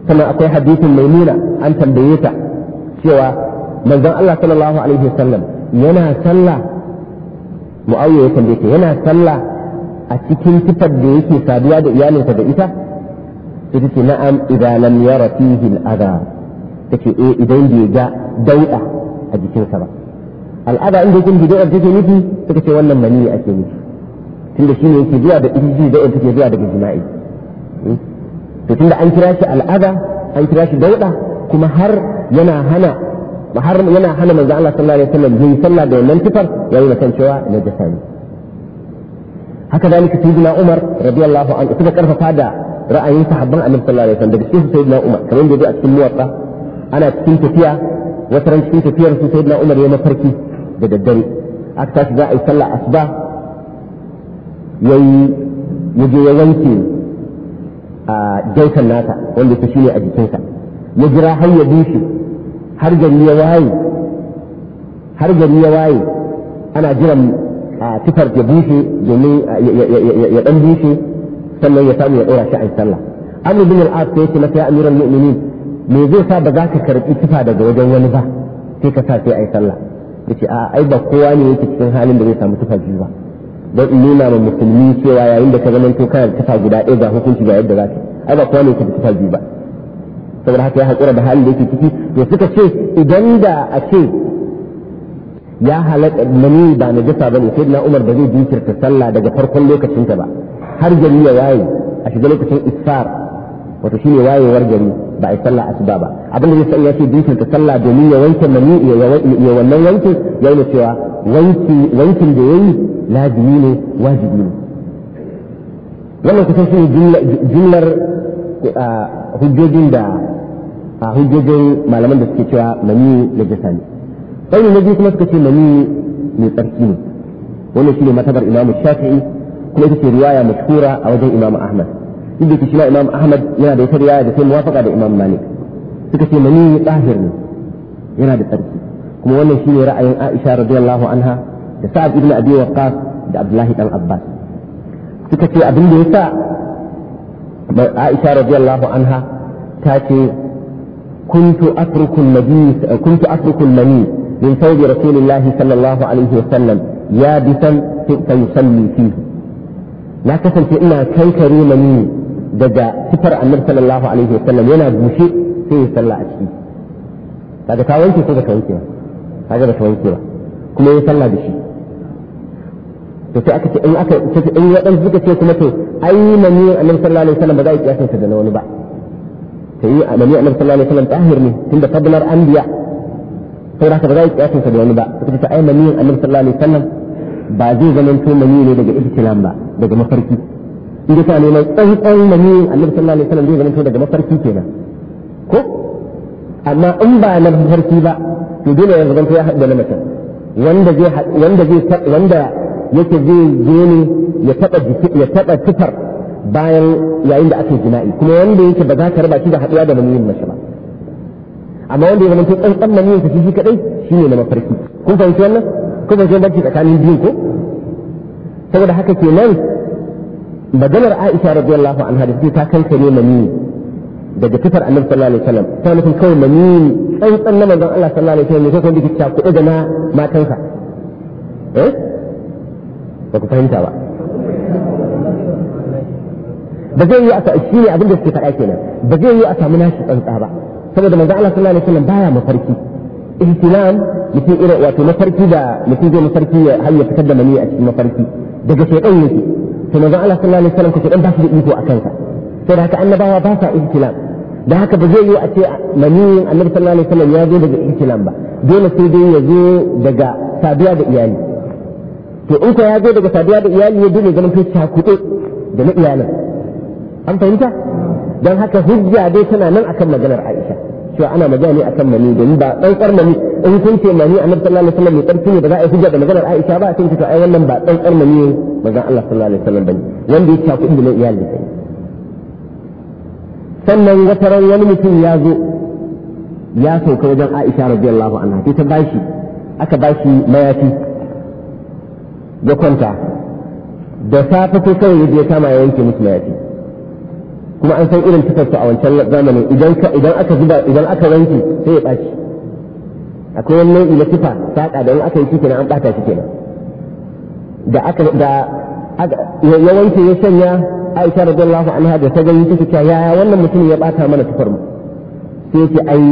Kuma akwai hadisin maimuna an tambaye ta cewa manzon Allah sallallahu alaihi wasallam yana sallah mu'awiya ya tambaye ta yana sallah a cikin tufar da yake saduwa da iyalinsa da ita ita ce na'am idan lam yara fihi al'adha take eh idan bai ga dauda a jikinsa ba al'ada inda yake bid'a take nufi take ce wannan mani ake nufi tunda shi ne yake zuwa da izini da ke zuwa daga jima'i hmm? to tunda an kira shi al'ada an kira shi dauda kuma har yana hana har yana hana manzo Allah sallallahu alaihi wasallam yin sallah da wannan tufar yayi kan cewa na jasa ne haka dalika sayyidina Umar radiyallahu anhu kuma karfafa da ra'ayin sahabban annabi sallallahu alaihi wasallam daga cikin sayyidina Umar kamar yadda a cikin muwatta ana cikin tafiya wata ran cikin tafiyar su sayyidina Umar ya mafarki da daddare aka tashi za a yi sallah asuba yayi yaje ya wanke a daukan nasa wanda ta shine a jikinsa ya jira har ya bushe har gari ya waye har gari ya waye ana jiran tifar ya bushe domin ya dan bushe sannan ya samu ya dora shi a sallah Amma bin al-as sai ce masa amiran mu'minin me zai sa ba za ka karɓi tufa daga wajen wani ba sai ka sa sai a sallah yace a ai ba kowa ne yake cikin halin da zai samu tufafi ba don in nuna ma musulmi cewa yayin da ka zama to kana kafa guda ɗaya ga hukunci ga yadda za ka ai ba kowa ne ke kafa biyu ba saboda haka ya hakura da halin da yake ciki to suka ce idan da a ce ya halatta mani ba na jasa ba ne sai na umar ba zai jinkirta sallah daga farkon lokacinta ba har gari ya waye a shiga lokacin isfar wato shine wayewar gari ba a yi sallah asuba ba abin da zai sai ya ce jinkirta sallah domin ya wanke mani ya wannan wankin ya yi cewa wankin da ya yi lazimi ne wajibi ne wannan kusan shi jumlar hujjojin da hujjojin malaman da suke cewa mani na jasa ne ɗaurin na biyu kuma suka ce mani mai tsarki ne wannan shi ne matabar imamu shafi'i kuma ita ce riwaya mashhura a wajen imamu ahmad inda ke shima imam ahmad yana da ita riwaya da sai muwafaka da imam malik suka ce mani tsahir ne yana da tsarki kuma wannan shi ne ra'ayin aisha radiyallahu anha da sa'ad ibn abi waqqas da abdullahi dan abbas suka ce abin da yasa aisha radiyallahu anha ta ce kuntu atruku nabi kuntu atruku mani min thawbi rasulillah sallallahu alaihi wasallam ya bisan fa yusalli fihi na kasance ina kankare mani daga sifar annabi sallallahu alaihi wasallam yana bushe sai ya salla a ciki kaga ka wanke ko ka wanke ba ba ka wanke kuma ya da shi to sai aka ce in aka ce in waɗansu suka ce kuma to ai maniyin annabi sallallahu alaihi wasallam ba zai a kiyasa da na wani ba sai maniyin annabi sallallahu alaihi wasallam tahir ne tunda fadlar anbiya sai haka ba zai a kiyasa da wani ba suka ce ai maniyin annabi sallallahu alaihi wasallam ba zai zama to maniyi ne daga ihtilam ba daga mafarki in ta ne mai tsantsan maniyin annabi sallallahu alaihi wasallam zai zama to daga mafarki kenan ko amma in ba na mafarki ba to dole ya zama to ya haɗu da na mace wanda zai wanda zai wanda yake zai je ne ya taɓa ya taɓa tufar bayan yayin da ake jina'i kuma wanda yake ba za ka raba shi da haɗuwa da maniyin mace ba amma wanda ya zamanto tsantsan maniyin ka shi kadai ne na mafarki kun fahimci wannan kun fahimci barci tsakanin biyun ko saboda haka ke nan maganar Aisha radiyallahu anha da take ta kankare maniyi daga tufar Annabi sallallahu alaihi wasallam ta nufin kawai maniyi tsantsan na manzon Allah sallallahu alaihi wasallam ne ko kun bi ta kuɗi da na matansa eh ba ku fahimta ba ba zai yi a shi ne abin da suke faɗa kenan ba zai yi a samu nashi tsantsa ba saboda manzo Allah sallallahu alaihi wasallam baya mafarki ihtilam mutum irin wato mafarki da mutum zai mafarki ya hayya fitar da mani a cikin mafarki daga shaytan yake to manzo Allah sallallahu alaihi wasallam ko dan ba shi da iko akan ka da haka annabawa ba sa ihtilam da haka ba zai yi a ce maniyin annabi sallallahu alaihi wasallam ya zo daga ihtilam ba dole sai dai ya zo daga saduwa da iyali to in ko ya zo daga saduwa da iyali ya dole ganin kai kuɗe da na iyalin an fahimta don haka hujja dai tana nan akan maganar Aisha cewa ana magana ne akan mani domin ba kar mani in kun ce mani annabi sallallahu alaihi wasallam mai karfi ne ba za a yi hujja da maganar Aisha ba sai to ai wannan ba kar mani ne manzon Allah sallallahu alaihi wasallam bane wanda ya tafi da iyali sai sannan wata ran wani mutum ya zo ya sauka wajen Aisha radiyallahu anha sai ta bashi aka bashi mayafi ya kwanta da safe ko kawai yaje kama ya yanke musu mayafi kuma an san irin tufarsu a wancan zamanin idan idan aka zuba idan aka wanke sai ya baci akwai wannan ila tifa saka saƙa da in aka yi shi kenan an ɓata shi kenan da aka da ya wanke ya sanya Aisha radiyallahu anha da ta gani take cewa yaya wannan mutum ya bata mana tufar mu sai yake ai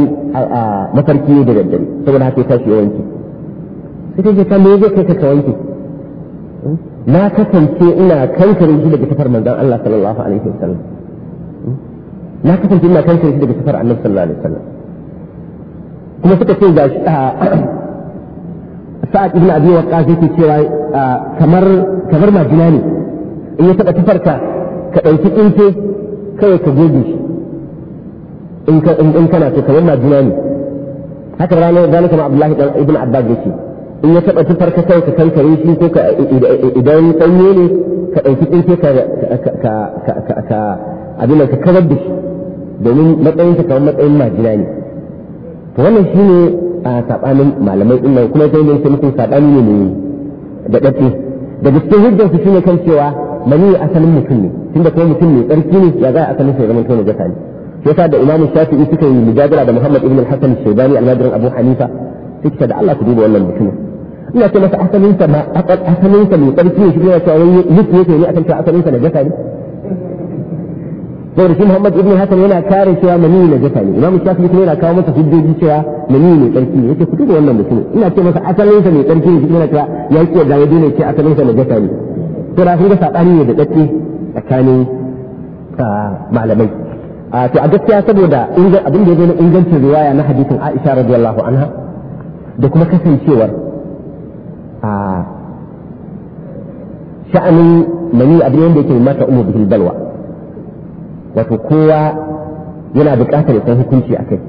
mafarki da daddare saboda haka ya tashi ya wanke sai ta me yake kai ka wanke na kasance ina kankare shi daga tafar manzon Allah sallallahu alaihi wasallam na kasance ina kankare shi daga tafar annabi sallallahu alaihi wasallam kuma suka ce ga shi ah, sa'ad ibn abi waqqas yake cewa ah, kamar kamar majina ne in ya saka tafarka ka dauki tsinke kawai ka goge shi in kana ce kamar majina ne haka ranar zalika ma abdullahi ibn abbas yake in ya taɓa tufar ka kai ka kankare shi ko ka idan sanye ne ka ɗauki tsinke ka ka abin ka kawar da shi domin matsayin ka kamar matsayin majina ne to wannan shi ne a saɓanin malamai ɗin kuma sai ne sai mutum saɓani ne mai da ɗaɗɗe daga cikin hujjar su shine kan cewa mani asalin mutum ne tunda kai mutum ne tsarki ne ya za a asalin sai zaman ne jaka ne sai yasa da imamu shafi'i suka yi mujadala da muhammad ibn al-hasan shaibani al-madrin abu hanifa suka da Allah ku duba wannan mutumin ina ce masa asalin sa ma asalin sa mai tsarki ne shi ne cewa wai yake yake ne akan cewa asalin sa na jasa ne saboda shi Muhammad ibn Hassan yana kare cewa mani na jasa ne Imam Shafi'i kuma yana kawo masa hujjoji cewa mani ne tsarki ne yake fito da wannan mutum ina ce masa asalin sa mai tsarki ne shi ne cewa ya ce da yadda ne ce asalin sa na jasa ne to da kun ga sabani ne da dakke tsakanin malamai a to a gaskiya saboda abin da ya zo na ingancin riwaya na hadisin Aisha radiyallahu anha da kuma kasancewar a sha'anin mani abin yadda yake mata umu bihin balwa wato kowa yana buƙatar ya san hukunci a kai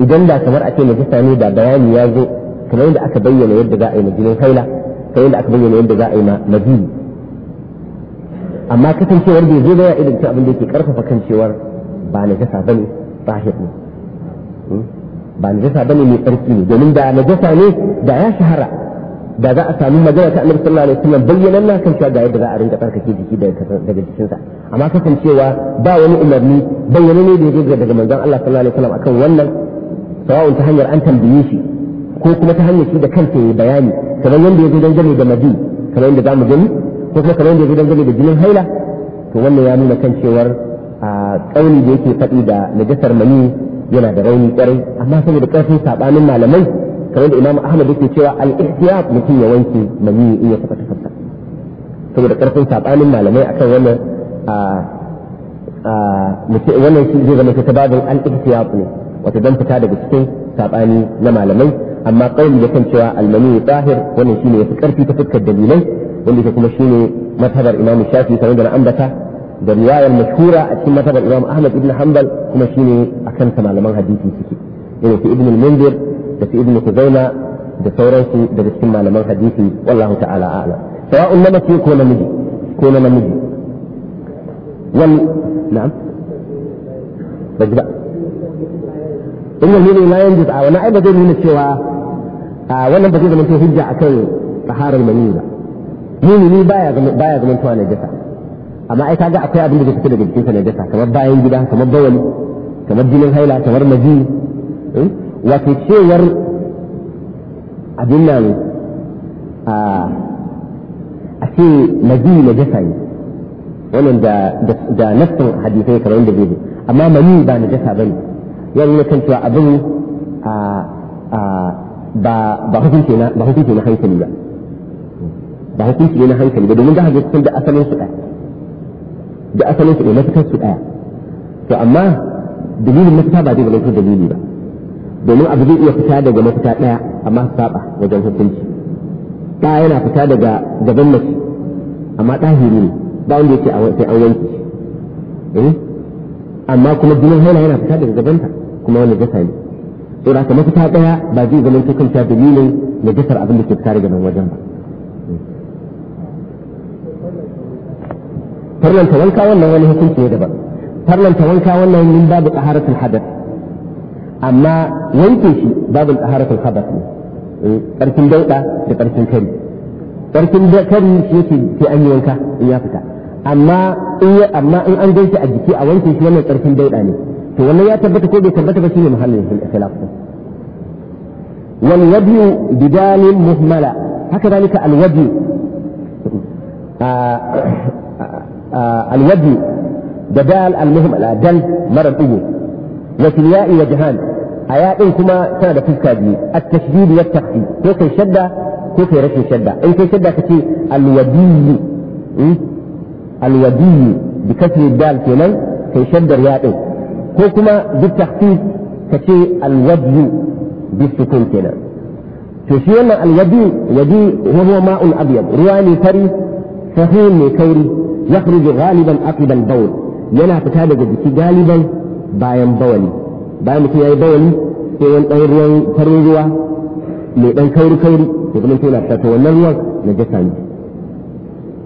idan da kamar a ce gisa ne da bayani ya zo kamar yadda aka bayyana yadda za a yi majinin haila kamar yadda aka bayyana yadda za a yi majini amma kasancewar bai zo baya irin abin da yake karfafa kan cewar ba na gisa ba ne hmm? ba na ba ne mai tsarki ne domin da na gisa ne da ya shahara da za a sami magana ta annabi sallallahu alaihi wasallam bayyanan na kan cewa ga yadda za a rinka tsarkake jiki daga jikinsa amma kasancewa ba wani umarni bayyana ne da ya gaggara daga manzon Allah sallallahu alaihi wasallam akan wannan sawa'un ta hanyar an tambaye shi ko kuma ta hanyar shi da kansa ya bayani kamar yadda ya zo dangane da madi kamar yadda za mu gani ko kuma kamar yadda ya zo dangane da jinin haila to wannan ya nuna kan cewar a tsauni da yake faɗi da najasar mani yana da rauni kwarai amma saboda ƙarfin saɓanin malamai kamar da Imam Ahmad yake cewa al-ihtiyat mutum ya wanke mani in ya taba tafasa saboda karfin sabanin malamai akan wannan a mutum wannan shi zai zama ta babin al-ihtiyat ne wato dan fita daga cikin sabani na malamai amma kauli ya kan cewa al-mani tahir wannan shine yafi karfi ta fuskar dalilai wanda ke kuma shine mazhabar Imam Shafi kamar da na ambata da riwayar mashhura a cikin mazhabar Imam Ahmad ibn Hanbal kuma shine akan malaman hadisi suke irin su Ibn al-Munzir da su ibnu kuzaima da sauransu daga cikin malaman hadisi wallahu ta'ala a'lam sawa'un na mace ko namiji ko na namiji wal na'am bajba in yanzu ne ma a wani ai ba zai nuna cewa a wannan ba zai zama hujja akan taharar mani ba mumini baya baya zaman tuwa na jasa amma ai kaga akwai abin da zai fita daga jikinsa na bayan gida haila kamar maji eh? wato cewar abin nan a ce mani na jasa ne wannan da nassin hadisai kamar yadda zai amma mani ba na jasa ba ne yan yi kan cewa abin ba hukunci na hankali ba ba hukunci ne na hankali ba domin za a ga cikin da asalin su ɗaya da asalin su ɗaya mafitar su ɗaya to amma dalilin mafita ba zai zama dalili ba domin abu zai iya fita daga mafita ɗaya amma saba wajen hukunci ɗaya yana fita daga gaban mace amma ɗahiri ne ba wanda yake sai an wanke eh? amma kuma jinin haila yana fita daga gabanta kuma wani gasa ne to da mafita fita ɗaya ba zai zama ta kanta dalilin na gasar abin da ke fita daga nan wajen ba farlanta wanka wannan wani hukunci ne daban farlanta wanka wannan yin babu taharatul hadari. amma wanke shi babu taharatul khabath ne karfin eh, dauda da karfin kari karfin kari shi yake sai an yi wanka in ya fita amma in amma in an gaishe a jiki a wanke shi wannan karfin dauda ne to wannan ya tabbata ko bai tabbata ba shine muhallin khilaf wal wadi bidal muhmala haka dalika al wadi ah, ah, al wadi da dal al muhmala dal marar ugu وفي الياء وجهان آيات كما كان في الكاذب التشديد والتخفيف كيف شدة كيف رشي شدة إن كيف يشد كتي الودي الودي بكسر الدال في لن كي يشد رياته كما بالتخفيف كتي الودي بالسكون كنا فشينا الودي ودي وهو ماء أبيض رواني فري فهيم كيري يخرج غالبا أقلب البول ينا فتادق بكي غالبا باين بولي bayan mutum ya yi bawani sai wani ɗan ruwan farin ruwa mai ɗan kauri kauri to kuma sai na fita wannan ruwan na jasa ne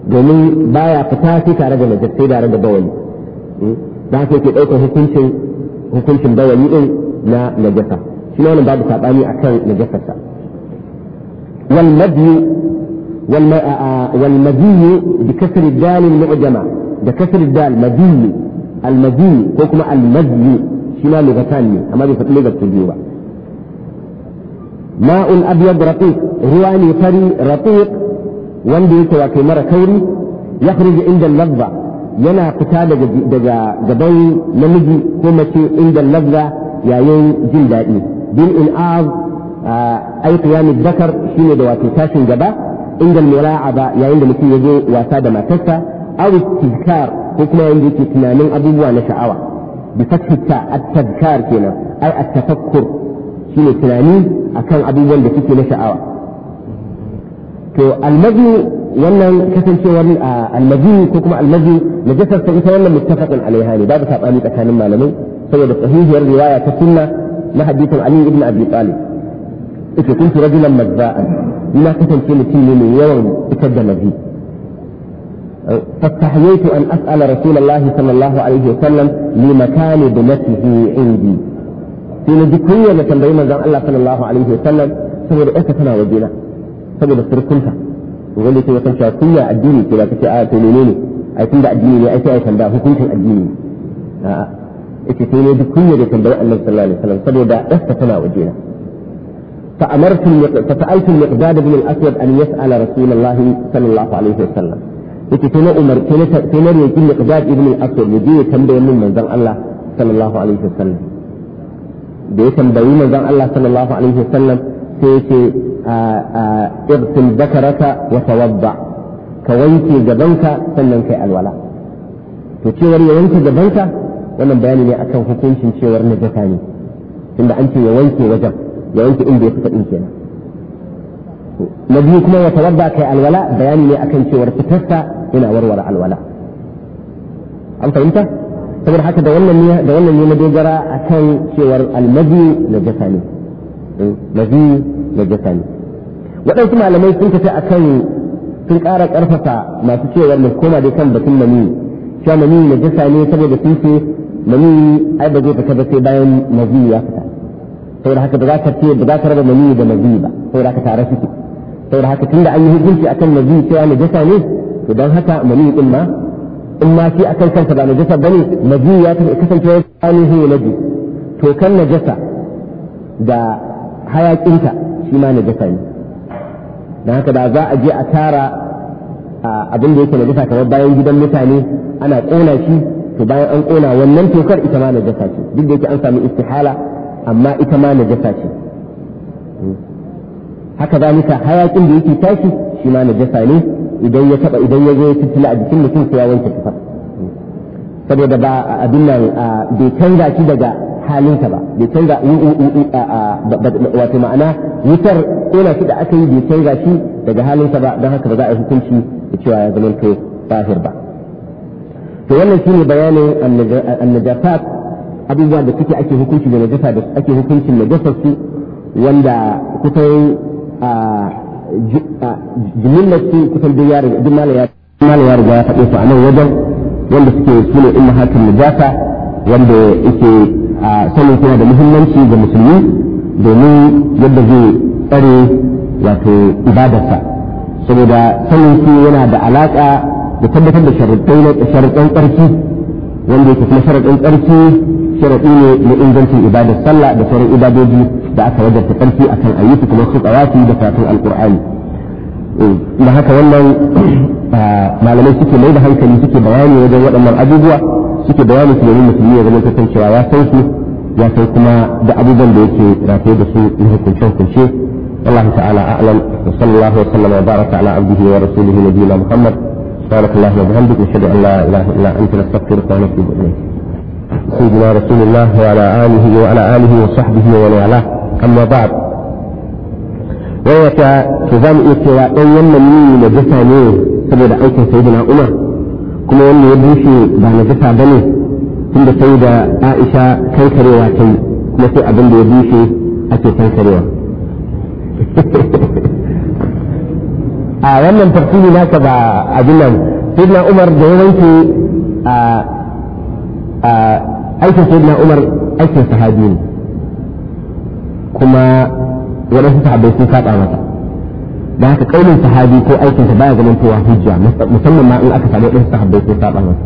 domin baya fita sai tare da najasa sai tare da bawani hmm? da haka yake ɗaukar hukuncin hukuncin bawani ɗin na najasa shi ne wannan babu saɓani a kan najasarsa wal madiyu والمدي بكسر الدال المعجمة بكسر الدال مدي المدي وكما المدي shi ma lugatan ne amma bai faɗi lugar ta biyu ba ma'un abyad raqiq ruwa ne fari raqiq wanda yake wa mara kauri ya khruju inda lafza yana fita daga daga gaban namiji ko mace inda lafza yayin jin daɗi bil in'az ai qiyamul dakar shine da wato tashin gaba inda ba yayin da mutum ya zo wasa da matarsa aw istizkar ko kuma yayin yake tunanin abubuwa na sha'awa بفتح التاء التذكار كنا أي التفكر شنو تناني أكان أبوان بسيكي نشأوا تو المجني wannan kasancewar almajini ko kuma na najasar ta ita wannan muttafaqun alaiha ne babu sabani tsakanin malamai saboda sahihiyar riwaya ta sunna na hadithin Ali ibn Abi Talib ita kuntu rajulan mazza'an ina kasance mutum ne mai yawan fitar da mazi فاستحييت أن أسأل رسول الله صلى الله عليه وسلم لمكان ابنته عندي في نجكوية نتنبي من زمان الله صلى الله عليه وسلم سبب إيه سنة وجينا سبب سركنتها wanda ke wata cewa kunya addini ke ba kace a to ne ne ai tunda addini ne ai sai ai tambaya hukuncin addini ne a'a yace sai ne duk kunya da tambayar Annabi sallallahu alaihi wasallam saboda dasta tana wajena fa amartu fa sa'altu al-miqdad aswad an yas'ala yake sai na umar sai na roƙi miqdad ibn al-aswad ya je ya tambaye min manzon Allah sallallahu alaihi wasallam da ya tambayi manzon Allah sallallahu alaihi wasallam sai yake irsil bakaraka wa tawadda ka wanke gabanka sannan kai alwala to cewar ya wanke gabanka wannan bayani ne akan hukuncin cewar na jaka ne tunda an ce ya wanke wajen ya wanke inda ya fita din kenan na biyu kuma ya tawadda kai alwala bayani ne akan cewar fitarsa ina warware alwala an fahimta saboda haka da wannan ne da wannan ne na dogara akan cewar almazi na jasa ne eh, mazi na jasa ne waɗansu malamai sun tafi akan sun ƙara ƙarfafa masu cewar mu koma dai kan batun mani cewa mani na jasa ne saboda sun ce mani ai ba zai fita ba sai bayan mazi ya fita saboda haka ba za ka ce da za ka raba mani da mazi ba saboda haka tare suke saboda haka tunda an yi hukunci akan mazi cewa na jasa ne to don haka mani din ma in ma shi akan kansa ba najasa bane maji ya kasance ya ainihin naji to kan najasa da hayakinta shi ma najasa ne dan haka da za a je a tara abin da yake najasa kamar bayan gidan mutane ana kona shi to bayan an kona wannan tokar ita ma najasa ce duk da yake an samu istihala amma ita ma najasa ce hmm. haka zalika hayakin da yake tashi shi ma najasa ne idan ya taba idan ya zo ya fitila a jikin mutum sai ya wanke kafar saboda ba abin nan bai canza shi daga halinsa ba bai canza wato ma'ana wutar kona shi da aka yi bai canza shi daga halinsa ba don haka ba za a yi hukunci da cewa ya zama to bahir ba to wannan shine bayanin annajafat abubuwa da suke ake hukunci da najasa da ake hukuncin najasa su wanda kusan jimillar su kusan duk ya riga duk ya riga ya faɗe su a nan wajen wanda suke su ne in mahatin najasa wanda yake sanin suna da muhimmanci ga musulmi domin yadda zai tsare wato ibadarsa saboda sanin su yana da alaƙa da tabbatar da sharaɗin ƙarfi wanda yake kuma sharaɗin ƙarfi sharaɗi ne na ingancin ibadar sallah da sauran ibadoji da aka wajarta ƙarfi akan ayyuka kuma su tsawafi da karatun alƙur'ani eh, da haka wannan malamai suke mai da hankali suke bayani wajen waɗannan abubuwa suke bayani su domin musulmi ya zama kasan cewa ya san su ya san kuma da abubuwan da yake rataye da su na hukunce hukunce Allah ta'ala a'lam wa sallallahu wa sallama wa baraka ala abdihi wa rasulihi nabiyina Muhammad وبحمدك نشهد ان لا اله الا انت نستغفرك ونتوب اليك سيدنا رسول الله وعلى آله وعلى آله وصحبه ومن والاه amma ba wai ta to za mu iya cewa ɗan wannan mini na jasa ne saboda aikin sai na umar kuma wannan ya bushe ba na jasa ba ne tunda sai da aisha kankarewa ta yi kuma sai abin da ya bushe ake kankarewa a wannan tafsiri ka ba abin nan na umar da ya wanke a aikin na umar aikin sahabi ne kuma waɗansu sahabbai sun saba masa da haka kaunin sahabi ko aikin aikinsa baya ganin towa hujja musamman ma in aka samu waɗansu sahabbai sun saba masa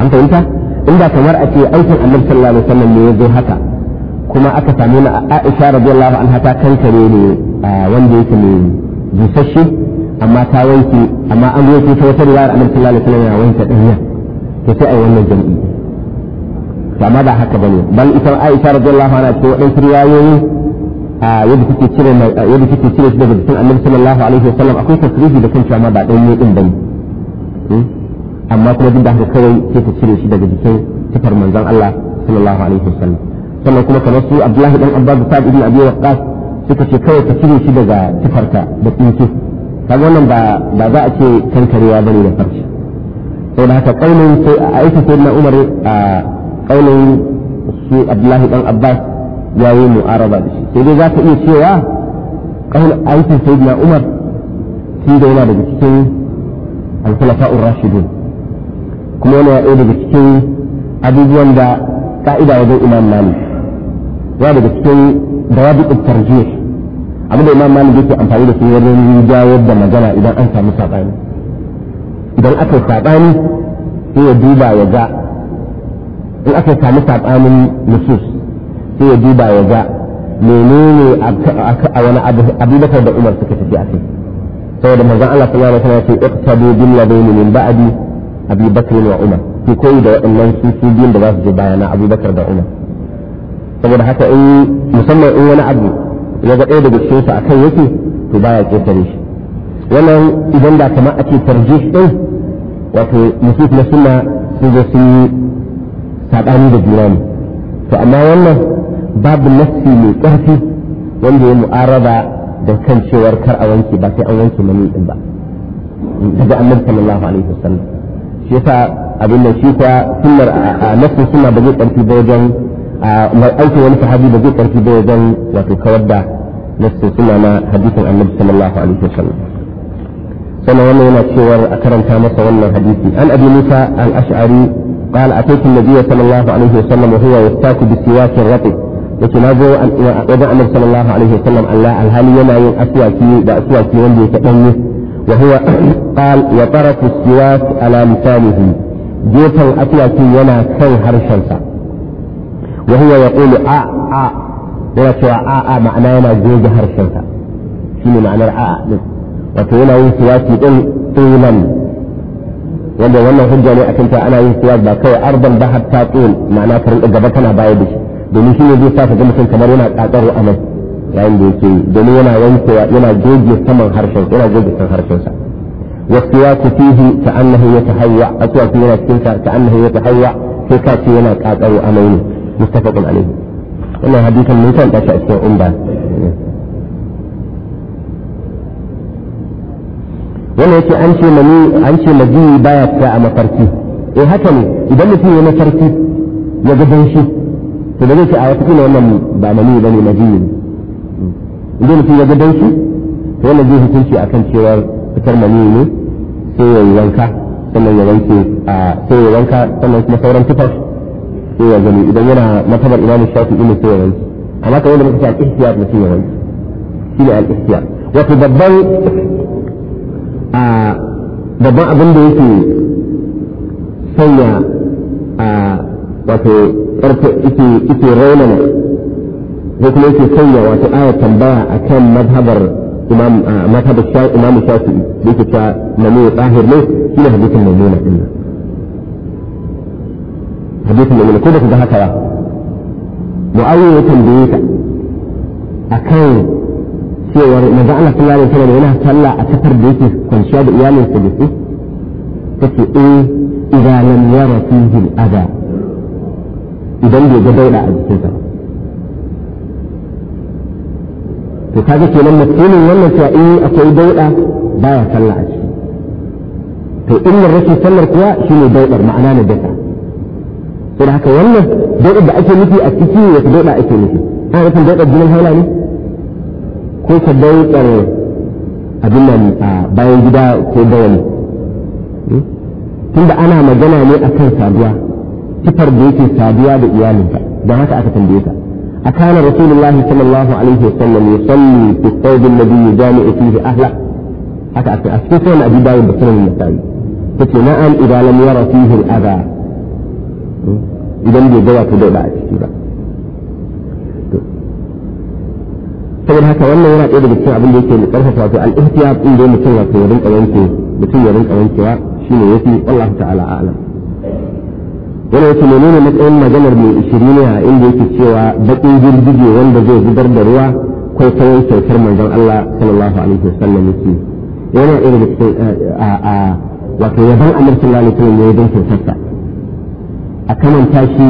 an fahimta inda kamar a ce aikin annabi sallallahu alaihi wasallam ne ya zo haka kuma aka samu na Aisha radiyallahu anha ta kankare ne wanda yake ne dusashe amma ta wanke amma an yi ta wata riwaya annabi sallallahu alaihi wasallam ya wanke ɗanya to sai yi wannan jam'i amma ba haka bane bal ita Aisha radiyallahu anha ce wadansu riwayoyi yadda kike cire yadda kike cire shi daga cikin Annabi sallallahu alaihi wasallam akwai tasrihi da kan cewa ma ba dan ne din bane hmm? amma kuma din da haka kawai ke ta cire shi daga jikin sifar manzon Allah sallallahu alaihi wasallam sannan kuma kamar su Abdullahi dan Abbas da Sa'id ibn Abi Waqqas suka ce kawai ta cire shi daga sifarka da tsinke kaga wannan ba ba za a ce kankarewa bane da farko sai da haka kaunin sai aisha sayyidina Umar a ƙaunin shi abdullahi dan abbas ya yi mu'araba da shi sai dai za ka iya cewa ƙaunin aikin sayyidina umar shi da yana daga cikin alkhulafa'ur rashidun kuma yana ɗaya daga cikin abubuwan da ka'ida wajen imam mali ya daga cikin dawabiqut tarjih abin da imam malik yake amfani da shi wajen jawar da magana idan an samu saɓani idan aka saɓani sai ya duba ya ga in aka samu saɓanin nusus sai ya duba ya ga menene a wani abubakar da umar suka tafi a kai saboda manzon Allah sallallahu alaihi wasallam ya ce iqtabu bil ladaini min ba'di abi bakr wa umar ki koyi da waɗannan su su biyun da za su je bayana abubakar da umar saboda haka in musamman in wani abu ya ga ɗaya daga cikin su akan yake to baya ƙetare shi wannan idan da kamar ake tarjih din wato musulmi na sunna sun zo sun yi saɓani da juna ne to amma wannan babu nassi mai ƙarfi wanda ya mu'araba da kan cewar kar a wanke ba sai an wanke mani din ba daga annabi sallallahu alaihi wasallam shi yasa abin da shi kuwa sunnar a nassin sunna ba zai ƙarfi ba wajen mai aiki wani sahabi ba zai ƙarfi ba wajen wato kawar da nassin sunna na hadisin annabi sallallahu alaihi wasallam sannan wannan yana cewar a karanta masa wannan hadisi an abi musa al-ash'ari قال أتيت النبي صلى الله عليه وسلم وهو يستاك بسواك na alaihi wasallam Allah yana yin da aswaki wanda yake danye wa huwa qal wa taraku siwak ala lisanihi gefen aswaki yana kan harshensa wa huwa yaqulu a a yana cewa a a ma'ana yana goge harshensa shine ma'anar a a din wato yana yin siwaki din tsilan wanda wannan hujja ne akan ta ana yin kiyas ba kawai ardan da hatta tsul ma'ana karin gaba tana baya da shi domin shi ne zai sa ka ga mutum kamar yana kakaro a nan yayin da yake domin yana wankewa yana goge saman harshen yana goge saman harshen sa fihi ta ta annahu ya yana cikin ta فيه كأنه يتهوى أسواك هنا كأنه يتهوى في كاتي هنا كاتر أمين متفق عليه. أنا حديث المثال ده شأن أمبا. wanda yake an ce mani an ce mani baya ta a mafarki eh haka ne idan mutum ya mafarki ya ga danshi to da zai ce a wata kila wannan ba mani bane mani ne idan mutum ya ga danshi to wannan zai hukunci akan cewa fitar mani ne sai ya yi wanka sannan ya wanke sai ya wanka sannan kuma sauran tufar sai ya gani idan yana matabar imam shafi ne sai ya wanke amma kawai da mutum ce al mutum ya wanke ne al-ihtiyar wato babban a babban abin da yake sanya a wato ƙarfe ike raunana ko kuma yake sanya wato aya tambaya a kan madhabar imam madhabar shafi imam shafi'i da yake ta ya tsahir ne shi ne hadisin mamuna ɗin nan hadisin mamuna ko ba ku ga haka ba mu'awiya ya tambaye ka kan. ديسي وري نزعنا في الله تعالى لأنها تلا أتفر ديسي كل شيء يالي سبسي تكي إيه إذا لم يرى فيه الأذى إذا لم يجد إلى أذى سيطر فكذا كي لما تكون لما تكون إيه أكي دولة بايا تلا أشي فإن الرسول صلى الله عليه وسلم شنو لك معناه نبتا فلحكا والله دولة بأكي نتي أكي وكي دولة أكي نتي أنا أقول دولة بجنة هولاني ko ka daukar abin nan a bayan gida ko wani tunda ana magana ne akan saduwa kifar da yake saduwa da iyalinka don haka aka tambaye ka أكان رسول الله صلى الله عليه وسلم يصلي في الثوب الذي يجامع فيه أهله حتى أسكتون أبي داود بسنة النسائي قلت نعم إذا لم يرى فيه الأذى إذا لم يجوى كدوبة أشكي saboda haka wannan yana ɗaya daga cikin abin da yake karfafa wato al in din da mutum wato ya rinka wanke mutum ya rinka wankewa shine yafi Allah ta'ala a'lam yana yake menene matsayin maganar mai ishiriniya inda yake cewa bakin girgije wanda zai zubar da ruwa kai kawai kyautar manzon Allah sallallahu alaihi wasallam yake yana ɗaya daga cikin eh, eh, a a wato yaban annabi sallallahu alaihi ya yi don kyautarsa a kamanta shi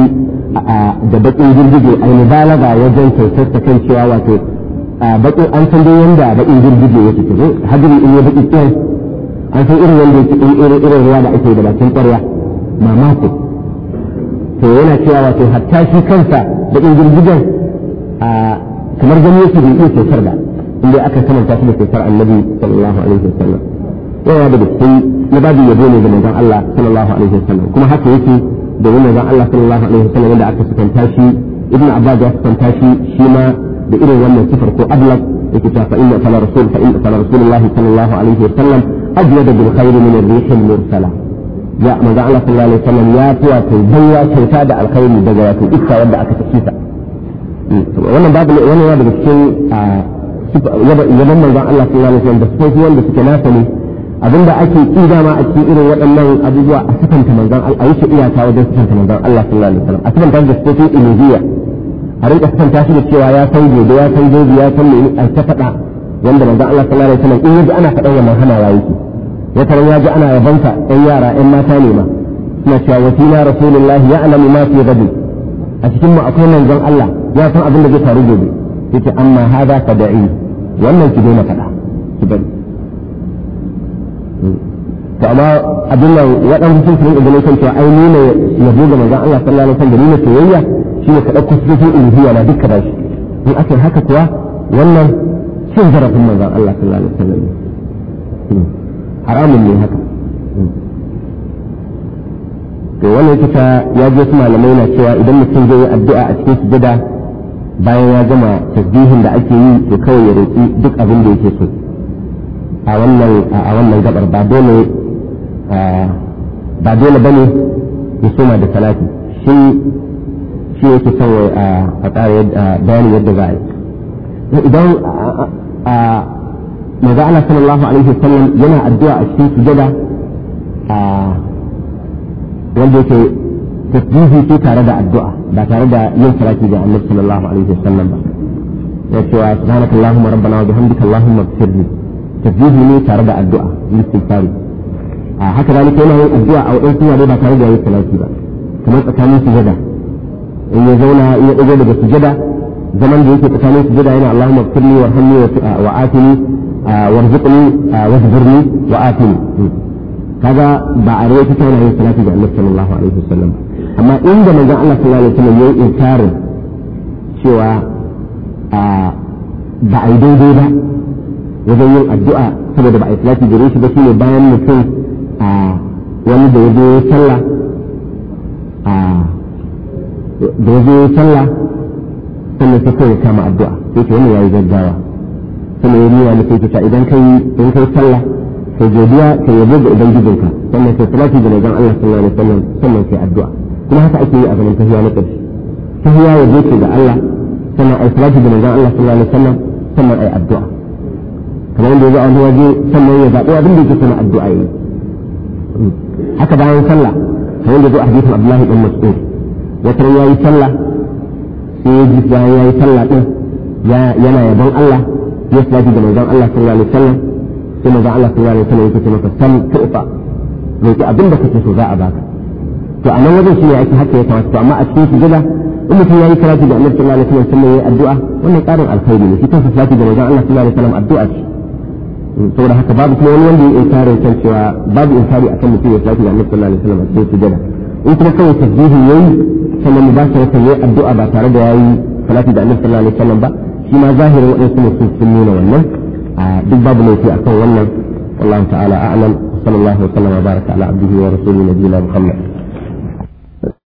da bakin girgije al-mubalaga wajen kyautarsa kan cewa wato a bakin an san dai wanda bakin girgije yake to hadiri in ya baki tsaya an san irin wanda yake in irin irin ruwa da ake da bakin ƙwarya mamako to yana cewa wato hatta shi kansa bakin girgijen a kamar gani yake bai iya kyautar da inda aka kamanta shi da kyautar annabi sallallahu alaihi wasallam yana da dukkan na babu yabo ne ga manzon Allah sallallahu alaihi wasallam kuma haka yake da manzon Allah sallallahu alaihi wasallam da aka sukanta shi ibnu abbas ya sukanta shi shi ma بإذن وما كفرت أبلغ الكتاب فإن فلا رسول فإن فلا رسول الله صلى الله عليه وسلم أجود بالخير من الريح المرسلة يا ما جعل صلى الله عليه وسلم يا تواتي بيا كيتاد الخير من دجواتي إسا ودعك تحسيسا وانا باب وانا باب الشيء يبا يبا ما جعل الله صلى الله عليه وسلم بس كيف يوم بسكناسني أظن ده أكي إذا ما أكي إذا وانا أبدا أسفن كمان جعل أيش إياه تاوجه أسفن كمان جعل الله صلى الله عليه وسلم أسفن كمان جسكوتي إنوزية a rinka kusan shi da cewa ya san gobe ya san gobe ya san mene ai ta faɗa wanda manzo Allah sallallahu alaihi wasallam in yaji ana faɗan wannan hanawa yake ya tarar ya ji ana yabansa ɗan yara ɗan mata ne ma suna cewa wasila rasulullah ya alamu ma fi gadi a cikin mu akwai manzon Allah ya san abin da zai faru gobe yace amma hada fada'i wannan ki daina faɗa ki bari to amma abin nan waɗansu sun rinka ganin kan cewa ai ni ne yabo ga manzon Allah sallallahu alaihi wasallam da ni ne soyayya shi ne ka ɗauko sufofin uluhiyya na duka ba shi in aka haka kuwa wannan cin zarafin manzon Allah sallallahu alaihi wasallam hmm. haramun ne haka hmm. to wannan kita ya je su malamai na cewa idan mutum zai yi addu'a a cikin sujada bayan ya gama tasbihin da ake yi to kawai ya roƙi duk abin da yake so a wannan a wannan gabar ba dole ba dole bane ya soma da salati shi shi yake kawai a tsara bayani yadda za a yi idan maza ala sallallahu alaihi wasallam yana addu'a a cikin sujada wanda yake tasbihi ce tare da addu'a ba tare da yin salati ga Annabi sallallahu alaihi wasallam ba ya ce wa subhanakallahumma rabbana wa bihamdika allahumma ighfirli tasbihi ne tare da addu'a istighfari a haka zalika yana yin addu'a a wadansu wurare ba tare da yin salati ba kamar tsakanin sujada in ya zauna in ya ɗago daga sujada zaman da yake tsakanin sujada yana Allahumma firli warhamni wa atini wa wasbirni wa atini kaga ba a rawaita ta yana yin salati ga Annabi sallallahu alaihi wasallam amma inda manzon Allah sallallahu alaihi wasallam yayin tarin cewa ba a yi daidai ba wajen yin addu'a saboda ba a yi salati gare shi ba shine bayan mutum wani da ya je sallah da ya zo sallah sannan sai ya kama addu'a yake wani yayi gaggawa sannan ya nuna mutum ta idan kai in kai sallah kai godiya kai yabo ga ubangijinka sannan kai salati da manzon Allah sallallahu alaihi wasallam sannan kai addu'a kuma haka ake yi a zaman tahiyya na ƙarshe tahiyya ya je ga Allah sannan ai salati da manzon Allah sallallahu alaihi wasallam sannan ai addu'a kamar yadda ya zo a wani waje sannan ya zaɓi abin da yake sana addu'a yi haka bayan sallah kamar yadda ya zo a hadisin Abdullahi ibn Mas'ud wata ya yi sallah sai ya ji ya yi sallah ɗin yana yabon Allah ya sadi da manzon Allah sallallahu alaihi wasallam sai manzon Allah sallallahu alaihi wasallam ya ce maka sal tu'fa roki abin da kake so za a baka to a nan wajen shi ne yi haka ya kamata to amma a cikin su gida in mutum ya yi karatu da annabi sallallahu alaihi wasallam yi addu'a wannan karin alkhairi ne shi kansa salati da manzon Allah sallallahu alaihi wasallam addu'a saboda haka babu kuma wani wanda ya inkari kan cewa babu in a akan mutum ya salati da annabi sallallahu alaihi wasallam a cikin sujada in kuma kawai tasbihi yayi sannan mubashara ta yi addu'a ba tare da yayi salati da annabi sallallahu alaihi wasallam ba shi ma zahirin wadansu ne sun sun nuna wannan a duk babu laifi akan wannan wallahu ta'ala a'lam sallallahu alaihi wasallam baraka ala abdihi wa rasulihi nabiyina muhammad